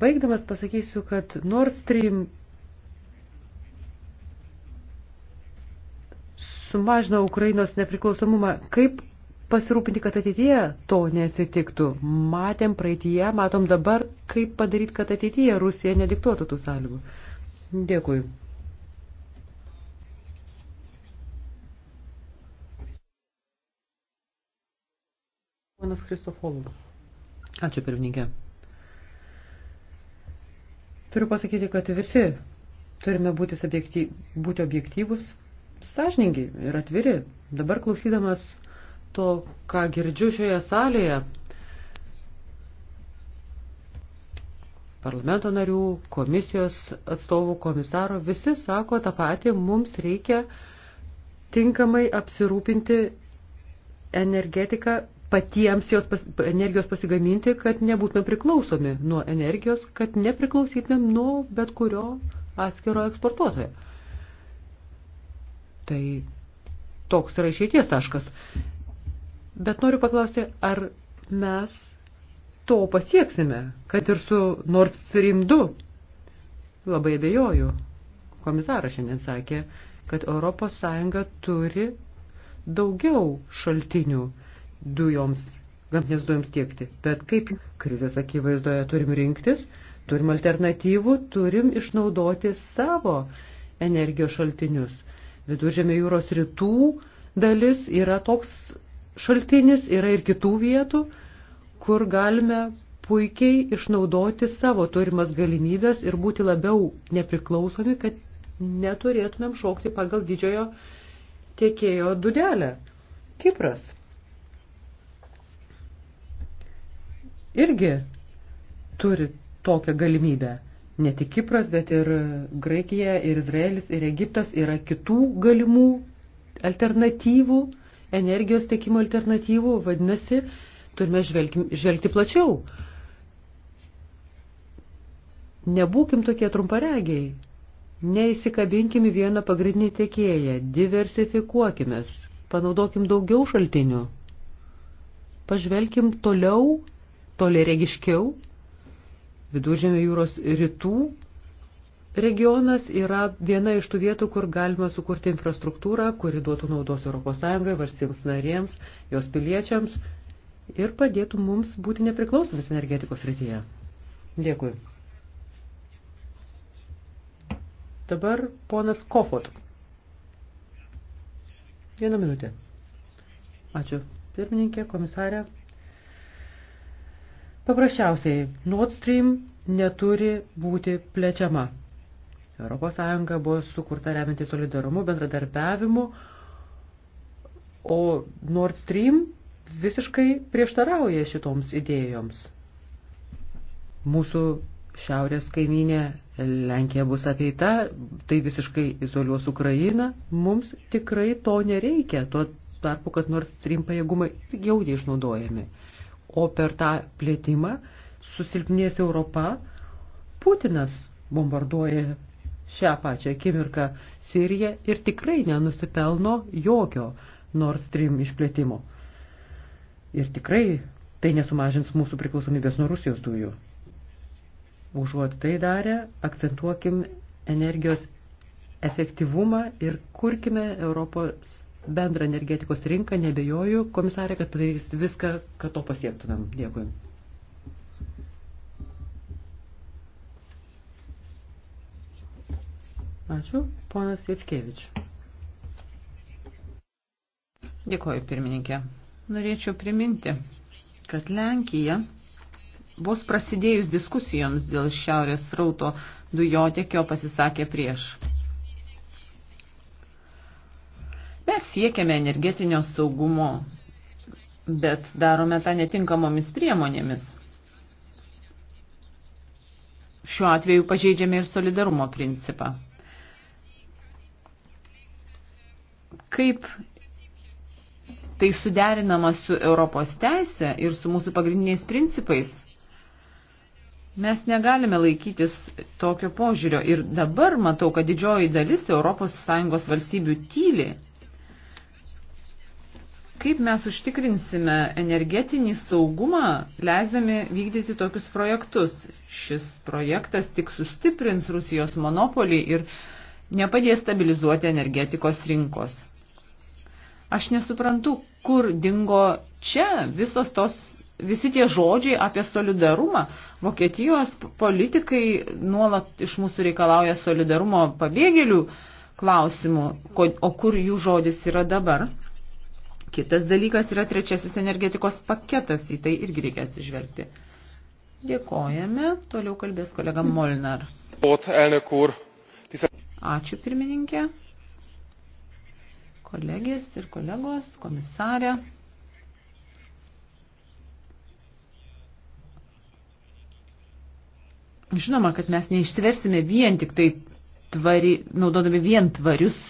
Baigdamas pasakysiu, kad Nord Stream sumažino Ukrainos nepriklausomumą. Kaip pasirūpinti, kad ateityje to neatsitiktų. Matėm praeitie, matom dabar, kaip padaryti, kad ateityje Rusija nediktuotų tų sąlygų. Dėkui. Ponas Kristofolovas. Ačiū, pirmininkė. Turiu pasakyti, kad visi turime būti, subjekty, būti objektyvus, sąžiningi ir atviri. Dabar klausydamas to, ką girdžiu šioje salėje, parlamento narių, komisijos atstovų, komisaro, visi sako tą patį, mums reikia tinkamai apsirūpinti energetiką, patiems jos pas, energijos pasigaminti, kad nebūtume priklausomi nuo energijos, kad nepriklausytumėm nuo bet kurio atskiro eksportuotojo. Tai toks yra išeities taškas. Bet noriu paklausti, ar mes to pasieksime, kad ir su Nord Stream 2? Labai abejoju. Komisaras šiandien sakė, kad ES turi daugiau šaltinių dujoms, gamtinės dujoms tiekti. Bet kaip krizės akivaizdoje turim rinktis, turim alternatyvų, turim išnaudoti savo energijos šaltinius. Viduržėmė jūros rytų dalis yra toks šaltinis, yra ir kitų vietų, kur galime puikiai išnaudoti savo turimas galimybės ir būti labiau nepriklausomi, kad neturėtumėm šokti pagal didžiojo tiekėjo dudelę. Kipras. Irgi turi tokią galimybę. Ne tik Kipras, bet ir Graikija, ir Izraelis, ir Egiptas yra kitų galimų alternatyvų energijos tiekimo alternatyvų, vadinasi, turime žvelgti, žvelgti plačiau. Nebūkim tokie trumparegiai. Neįsikabinkim į vieną pagrindinį tiekėją, diversifikuokimės, panaudokim daugiau šaltinių. Pažvelkim toliau, tolėregiškiau, viduržėmio jūros rytų regionas yra viena iš tų vietų, kur galima sukurti infrastruktūrą, kuri duotų naudos ES, valstybėms narėms, jos piliečiams ir padėtų mums būti nepriklausomis energetikos rytyje. Dėkui. Dabar ponas Kofot. Vieną minutę. Ačiū. Pirmininkė, komisarė. Paprasčiausiai, Nord Stream neturi būti plečiama. ES buvo sukurta remiantis solidarumu, bendradarbiavimu, o Nord Stream visiškai prieštarauja šitoms idėjoms. Mūsų šiaurės kaiminė Lenkija bus apeita, tai visiškai izoliuos Ukrainą, mums tikrai to nereikia, tuo tarpu, kad Nord Stream pajėgumai jau neišnaudojami. O per tą plėtimą susilpnės Europa, Putinas bombarduoja šią pačią akimirką Siriją ir tikrai nenusipelno jokio Nord Stream išplėtimo. Ir tikrai tai nesumažins mūsų priklausomybės nuo Rusijos dujų. Užuot tai darę, akcentuokim energijos efektyvumą ir kurkime Europos bendrą energetikos rinką, nebejoju, komisarė, kad padarys viską, kad to pasiektumėm. Dėkui. Ačiū, ponas Jatskevič. Dėkoju, pirmininkė. Norėčiau priminti, kad Lenkija vos prasidėjus diskusijoms dėl šiaurės rauto dujotekio pasisakė prieš. Mes siekiame energetinio saugumo, bet darome tą netinkamomis priemonėmis. Šiuo atveju pažeidžiame ir solidarumo principą. kaip tai suderinama su Europos teise ir su mūsų pagrindiniais principais, mes negalime laikytis tokio požiūrio. Ir dabar matau, kad didžioji dalis ES valstybių tyli. Kaip mes užtikrinsime energetinį saugumą, leisdami vykdyti tokius projektus? Šis projektas tik sustiprins Rusijos monopolį ir nepadės stabilizuoti energetikos rinkos. Aš nesuprantu, kur dingo čia visos tos, visi tie žodžiai apie solidarumą. Vokietijos politikai nuolat iš mūsų reikalauja solidarumo pabėgėlių klausimų, o kur jų žodis yra dabar. Kitas dalykas yra trečiasis energetikos paketas, į tai irgi reikia atsižvelgti. Dėkojame, toliau kalbės kolega Molnar. Ačiū pirmininkė, kolegės ir kolegos, komisarė. Žinoma, kad mes neišsiversime vien tik tai tvari, naudodami vien tvarius,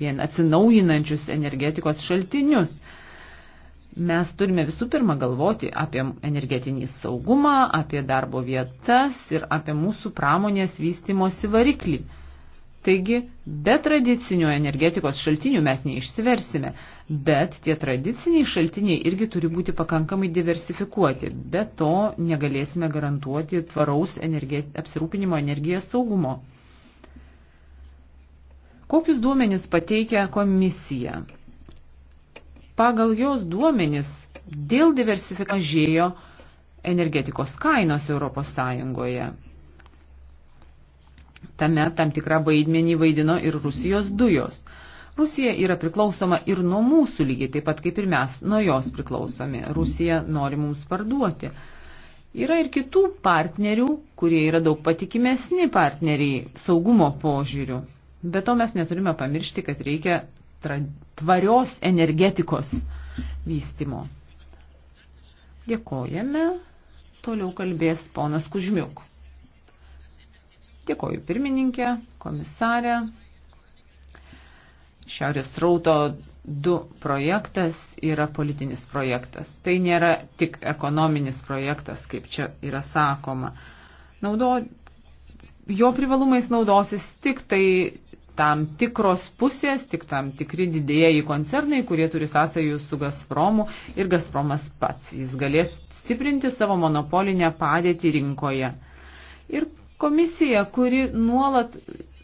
vien atsinaujinančius energetikos šaltinius. Mes turime visų pirma galvoti apie energetinį saugumą, apie darbo vietas ir apie mūsų pramonės vystimosi variklį. Taigi, be tradicinių energetikos šaltinių mes neišsiversime, bet tie tradiciniai šaltiniai irgi turi būti pakankamai diversifikuoti. Be to negalėsime garantuoti tvaraus energe... apsirūpinimo energiją saugumo. Kokius duomenis pateikia komisija? Pagal jos duomenis dėl diversifikacijos mažėjo energetikos kainos Europos Sąjungoje Tame tam tikrą vaidmenį vaidino ir Rusijos dujos. Rusija yra priklausoma ir nuo mūsų lygiai, taip pat kaip ir mes nuo jos priklausomi. Rusija nori mums parduoti. Yra ir kitų partnerių, kurie yra daug patikimesni partneriai saugumo požiūrių. Be to mes neturime pamiršti, kad reikia tvarios energetikos vystimo. Dėkojame. Toliau kalbės ponas Kužmiuk. Dėkoju pirmininkė, komisarė. Šiaurės trauto 2 projektas yra politinis projektas. Tai nėra tik ekonominis projektas, kaip čia yra sakoma. Naudo, jo privalumais naudosis tik tai tam tikros pusės, tik tam tikri didėjai koncernai, kurie turi sąsajų su Gazpromu ir Gazpromas pats. Jis galės stiprinti savo monopolinę padėtį rinkoje. Ir Komisija, kuri nuolat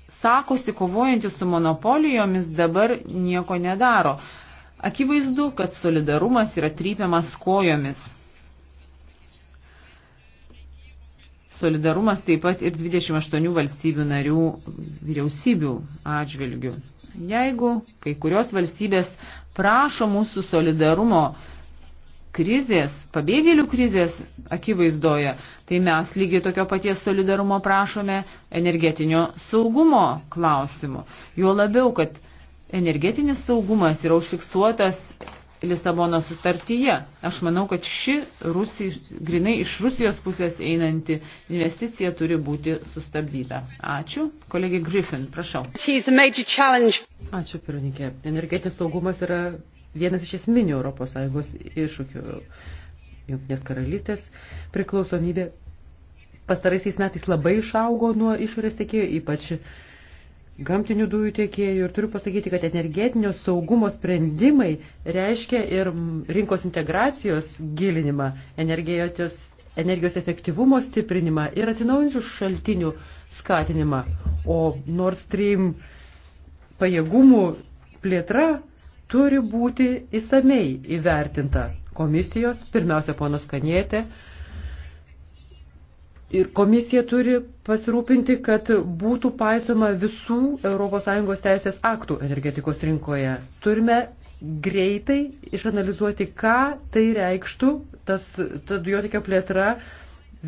sakosi kovojanti su monopolijomis, dabar nieko nedaro. Akivaizdu, kad solidarumas yra trypiamas kojomis. Solidarumas taip pat ir 28 valstybių narių vyriausybių atžvilgių. Jeigu kai kurios valstybės prašo mūsų solidarumo, krizės, pabėgėlių krizės akivaizdoje, tai mes lygiai tokio paties solidarumo prašome energetinio saugumo klausimu. Juo labiau, kad energetinis saugumas yra užfiksuotas Lisabono sutartyje. Aš manau, kad ši Rusi, grinai iš Rusijos pusės einanti investicija turi būti sustabdyta. Ačiū. Kolegė Griffin, prašau. Ačiū, pirmininkė. Energetinis saugumas yra vienas iš esminių ES iššūkių. Junktinės karalystės priklausomybė pastaraisiais metais labai išaugo nuo išorės tiekėjų, ypač gamtinių dujų tiekėjų. Ir turiu pasakyti, kad energetinio saugumo sprendimai reiškia ir rinkos integracijos gilinimą, energijos, energijos efektyvumo stiprinimą ir atsinaujančių šaltinių skatinimą. O Nord Stream pajėgumų plėtra turi būti įsamei įvertinta komisijos, pirmiausia, ponas Kanietė. Ir komisija turi pasirūpinti, kad būtų paisoma visų ES teisės aktų energetikos rinkoje. Turime greitai išanalizuoti, ką tai reikštų, tas ta dujotikio plėtra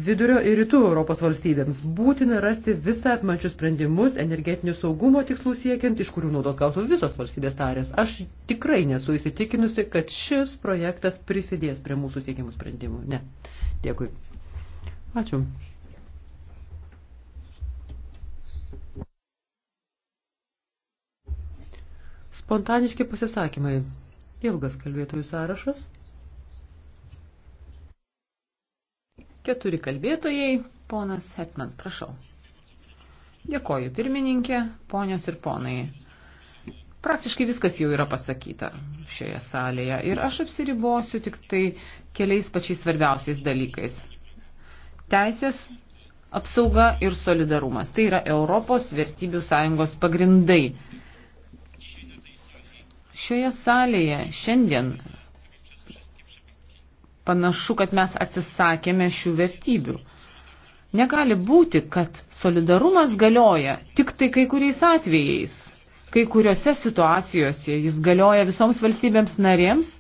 vidurio ir rytų Europos valstybėms. Būtina rasti visą apmačius sprendimus energetinio saugumo tikslų siekiant, iš kurių naudos gautų visos valstybės tarės. Aš tikrai nesu įsitikinusi, kad šis projektas prisidės prie mūsų siekimų sprendimų. Ne. Dėkui. Ačiū. Spontaniški pasisakymai. Ilgas kalbėtojų sąrašas. Keturi kalbėtojai. Ponas Hetman, prašau. Dėkoju, pirmininkė, ponios ir ponai. Praktiškai viskas jau yra pasakyta šioje salėje ir aš apsiribosiu tik tai keliais pačiais svarbiausiais dalykais. Teisės, apsauga ir solidarumas. Tai yra Europos vertybių sąjungos pagrindai. Šioje salėje šiandien Panašu, kad mes atsisakėme šių vertybių. Negali būti, kad solidarumas galioja tik tai kai kuriais atvejais. Kai kuriuose situacijose jis galioja visoms valstybėms narėms,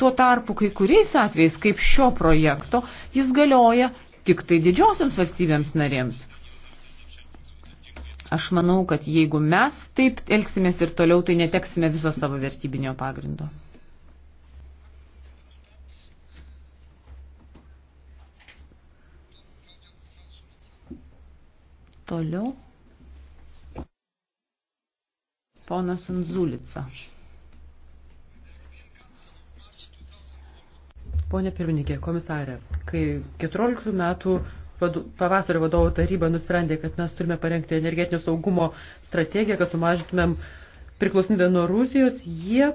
tuo tarpu kai kuriais atvejais, kaip šio projekto, jis galioja tik tai didžiosiams valstybėms narėms. Aš manau, kad jeigu mes taip elgsimės ir toliau, tai neteksime viso savo vertybinio pagrindo. Toliau. Ponas Anzulica. Pone pirmininkė, komisarė, kai 14 metų pavasario vadovų taryba nusprendė, kad mes turime parengti energetinio saugumo strategiją, kad sumažintumėm priklausomybę nuo Rusijos, jie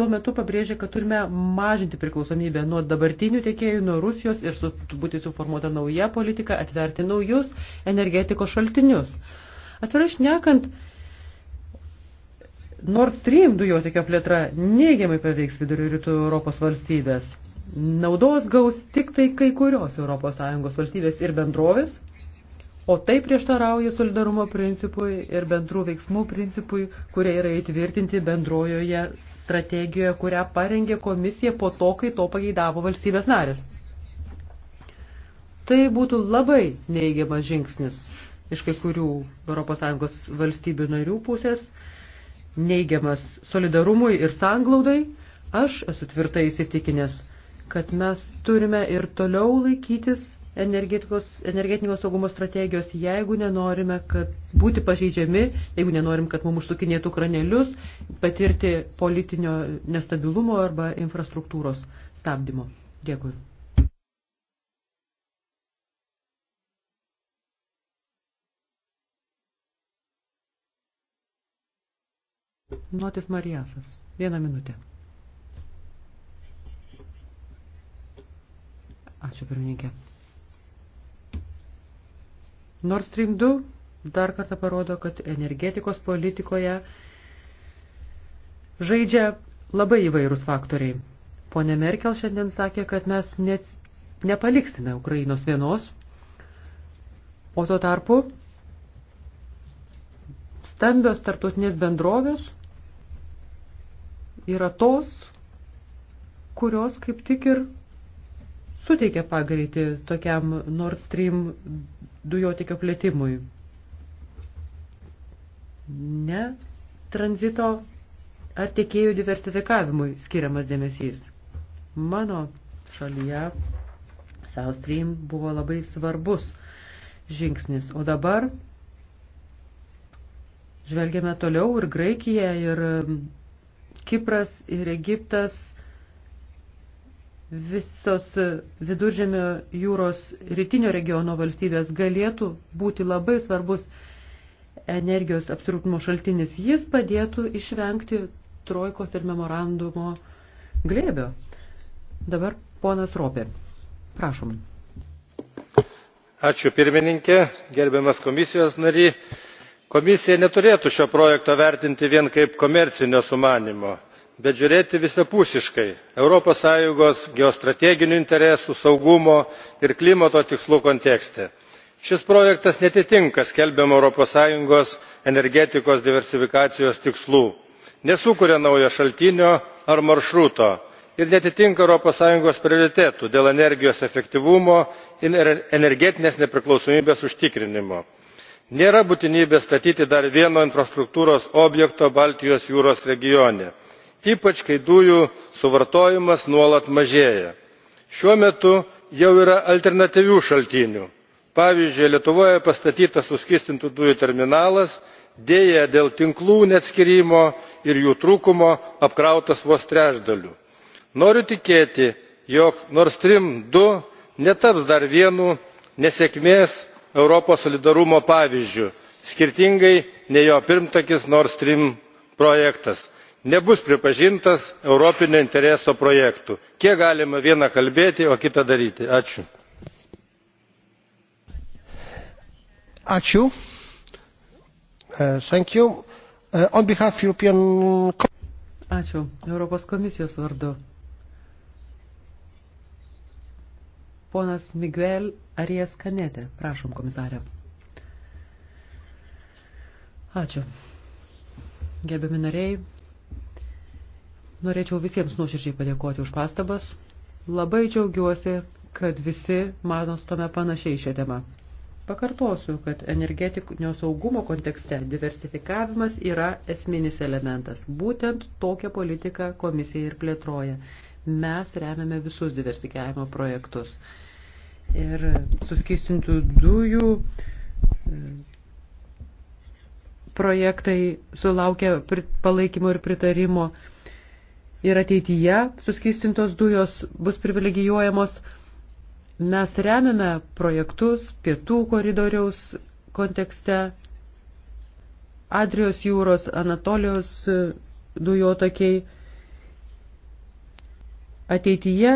tuo metu pabrėžė, kad turime mažinti priklausomybę nuo dabartinių tiekėjų, nuo Rusijos ir su, būti suformuota nauja politika, atverti naujus energetikos šaltinius. Atvirai šnekant, Nord Stream dujotikio plėtra neigiamai paveiks vidurio rytų Europos valstybės. Naudos gaus tik tai kai kurios ES valstybės ir bendrovės, o tai prieštarauja solidarumo principui ir bendrų veiksmų principui, kurie yra įtvirtinti bendrojoje strategijoje, kurią parengė komisija po to, kai to pageidavo valstybės narės. Tai būtų labai neigiamas žingsnis iš kai kurių ES valstybių narių pusės, neigiamas solidarumui ir sanglaudai. Aš esu tvirtai įsitikinęs, kad mes turime ir toliau laikytis energetinio saugumo strategijos, jeigu nenorime kad būti pažeidžiami, jeigu nenorim, kad mums užsukinėtų kranelius, patirti politinio nestabilumo arba infrastruktūros stabdymo. Dėkui. Notis Marijasas. Vieną minutę. Ačiū, pirmininkė. Nord Stream 2 dar kartą parodo, kad energetikos politikoje žaidžia labai įvairūs faktoriai. Pone Merkel šiandien sakė, kad mes net nepaliksime Ukrainos vienos, o tuo tarpu stambios tartutinės bendrovės yra tos, kurios kaip tik ir suteikia pagreitį tokiam Nord Stream dujotikio plėtimui. Ne tranzito ar tiekėjų diversifikavimui skiriamas dėmesys. Mano šalyje South Stream buvo labai svarbus žingsnis. O dabar žvelgiame toliau ir Graikija, ir Kipras, ir Egiptas visos viduržėmio jūros rytinio regiono valstybės galėtų būti labai svarbus energijos apsirūpimo šaltinis. Jis padėtų išvengti trojkos ir memorandumo glėbio. Dabar ponas Ropė. Prašom. Ačiū pirmininkė, gerbiamas komisijos nary. Komisija neturėtų šio projekto vertinti vien kaip komercinio sumanimo bet žiūrėti visapusiškai europos sąjungos geostrateginių interesų saugumo ir klimato tikslų kontekste. šis projektas neatitinka skelbiamų europos sąjungos energetikos diversifikacijos tikslų nesukuria naujo šaltinio ar maršruto ir neatitinka europos sąjungos prioritetų dėl energijos efektyvumo ir energetinės nepriklausomybės užtikrinimo. nėra būtinybės statyti dar vieno infrastruktūros objekto baltijos jūros regione ypač kai dujų suvartojimas nuolat mažėja. šiuo metu jau yra alternatyvių šaltinių pavyzdžiui lietuvoje pastatytas suskystintų dujų terminalas deja dėl tinklų neatskyrimo ir jų trūkumo apkrautas vos trečdaliu. noriu tikėti jog nord stream du netaps dar vienu nesėkmės europos solidarumo pavyzdžiu skirtingai nei jo pirmtakis nord stream projektas nebus pripažintas europinio intereso projektu. kiek galima viena kalbėti o kita daryti? ačiū. ačiū. Uh, thank you. Uh, on behalf of European Ačiū. Europos komisijos vardu. Ponas Miguel Arijas Kanete. Prašom, komisarė. Ačiū. Gerbiami nariai, Norėčiau visiems nuoširdžiai padėkoti už pastabas. Labai džiaugiuosi, kad visi manostome panašiai šią temą. Pakartosiu, kad energetinio saugumo kontekste diversifikavimas yra esminis elementas. Būtent tokią politiką komisija ir plėtroja. Mes remiame visus diversifikavimo projektus. Ir suskistintų dujų e, projektai sulaukia palaikymo ir pritarimo ir ateityje suskystintos dujos bus privilegijuojamos. Mes remiame projektus pietų koridoriaus kontekste, Adrijos jūros, Anatolijos dujotakiai. Ateityje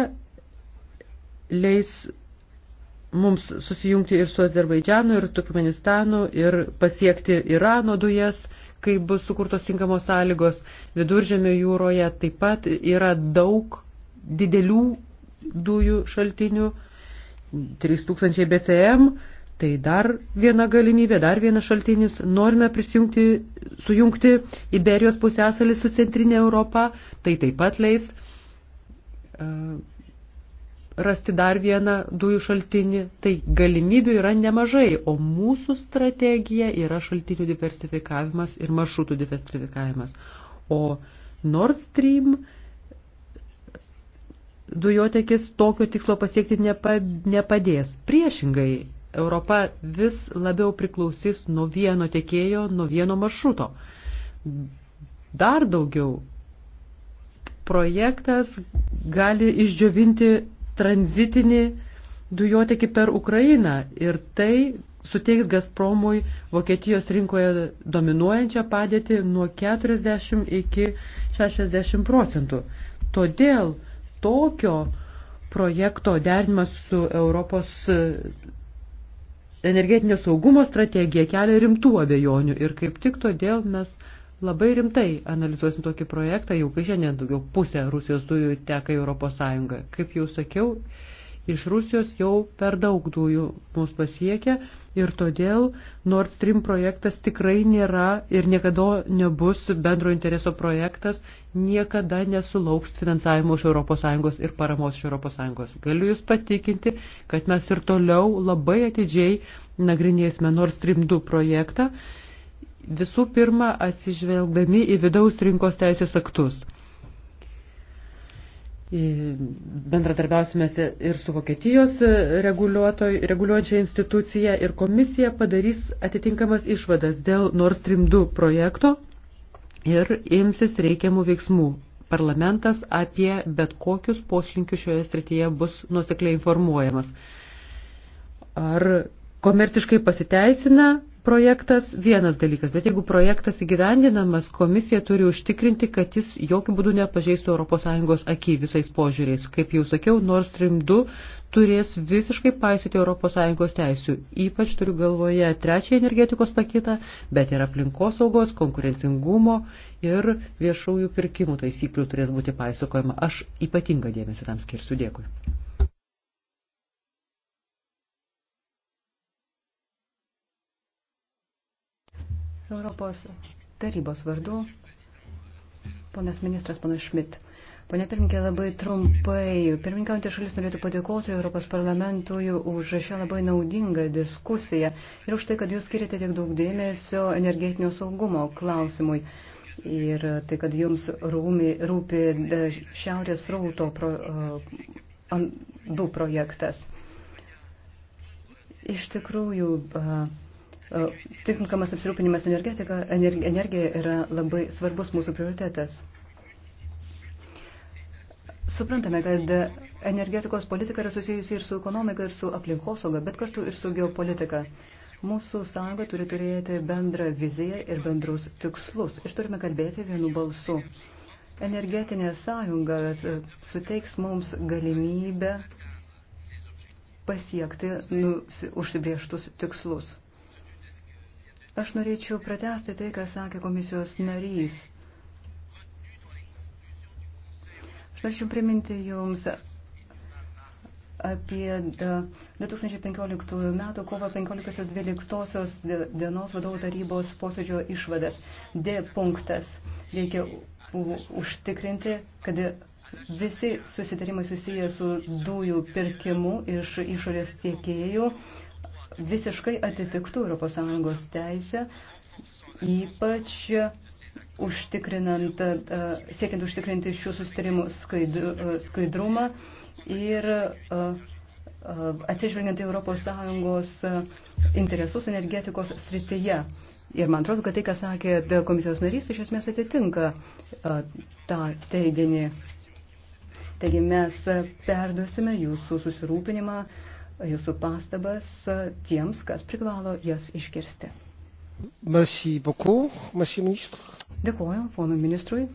leis mums susijungti ir su Azerbaidžianu, ir Turkmenistanu, ir pasiekti Irano dujas kai bus sukurtos tinkamos sąlygos viduržėmio jūroje, taip pat yra daug didelių dujų šaltinių, 3000 BCM, tai dar viena galimybė, dar vienas šaltinis. Norime prisijungti, sujungti Iberijos pusęsalį su centrinė Europa, tai taip pat leis. Uh, rasti dar vieną dujų šaltinį, tai galimybių yra nemažai, o mūsų strategija yra šaltinių diversifikavimas ir maršrutų diversifikavimas. O Nord Stream dujotekis tokio tikslo pasiekti nepa, nepadės. Priešingai, Europa vis labiau priklausys nuo vieno tiekėjo, nuo vieno maršruto. Dar daugiau projektas gali išdžiovinti tranzitinį dujotekį per Ukrainą ir tai suteiks Gazpromui Vokietijos rinkoje dominuojančią padėtį nuo 40 iki 60 procentų. Todėl tokio projekto derinimas su Europos energetinio saugumo strategija kelia rimtų abejonių ir kaip tik todėl mes Labai rimtai analizuosim tokį projektą, jau kai šiandien daugiau pusė Rusijos dujų teka į Europos Sąjungą. Kaip jau sakiau, iš Rusijos jau per daug dujų mus pasiekia ir todėl Nord Stream projektas tikrai nėra ir niekada nebus bendro intereso projektas, niekada nesulauks finansavimo iš ES ir paramos iš ES. Galiu Jūs patikinti, kad mes ir toliau labai atidžiai nagrinėsime Nord Stream 2 projektą visų pirma atsižvelgdami į vidaus rinkos teisės aktus. Bendradarbiausime ir su Vokietijos reguliuojančia institucija ir komisija padarys atitinkamas išvadas dėl Nord Stream 2 projekto ir imsis reikiamų veiksmų. Parlamentas apie bet kokius poslinkius šioje srityje bus nusekliai informuojamas. Ar komerciškai pasiteisina projektas vienas dalykas, bet jeigu projektas įgyvendinamas, komisija turi užtikrinti, kad jis jokių būdų nepažeistų ES akį visais požiūriais. Kaip jau sakiau, Nord Stream 2 turės visiškai paisyti ES teisių. Ypač turiu galvoje trečią energetikos paketą, bet ir aplinkosaugos, konkurencingumo ir viešųjų pirkimų taisyklių turės būti paisokojama. Aš ypatingą dėmesį tam skirsiu. Dėkui. Europos tarybos vardu, ponas ministras, ponas Šmit. Pone pirmininkė, labai trumpai. Pirmininkaujantė šalis norėtų padėkoti Europos parlamentui už šią labai naudingą diskusiją ir už tai, kad jūs skiriate tiek daug dėmesio energetinio saugumo klausimui. Ir tai, kad jums rūmi, rūpi e, šiaurės rauto pro, e, an, du projektas. Iš tikrųjų. Uh, Tinkamas apsirūpinimas energetika, energija yra labai svarbus mūsų prioritetas. Suprantame, kad energetikos politika yra susijusi ir su ekonomika, ir su aplinkosauga, bet kartu ir su geopolitika. Mūsų sąjunga turi turėti bendrą viziją ir bendrus tikslus ir turime kalbėti vienu balsu. Energetinė sąjunga e, suteiks mums galimybę pasiekti nu, užsibrieštus tikslus. Aš norėčiau pratesti tai, ką sakė komisijos narys. Aš norėčiau priminti jums apie 2015 e, metų kovo 15-12 dienos vadovų tarybos posėdžio išvadas. D punktas. Reikia užtikrinti, kad visi susitarimai susiję su dujų pirkimu iš išorės tiekėjų visiškai atitiktų ES teisę, ypač užtikrinant, e, siekiant užtikrinti šių sustarimų e, skaidrumą ir e, atsižvelgiant į ES interesus energetikos srityje. Ir man atrodo, kad tai, ką sakė komisijos narys, iš esmės atitinka tą teiginį. Taigi mes perduosime jūsų susirūpinimą uh, jūsų pastabas tiems, kas privalo jas iškirsti. Merci beaucoup, monsieur ministre. Dėkuoju, ponui ministrui.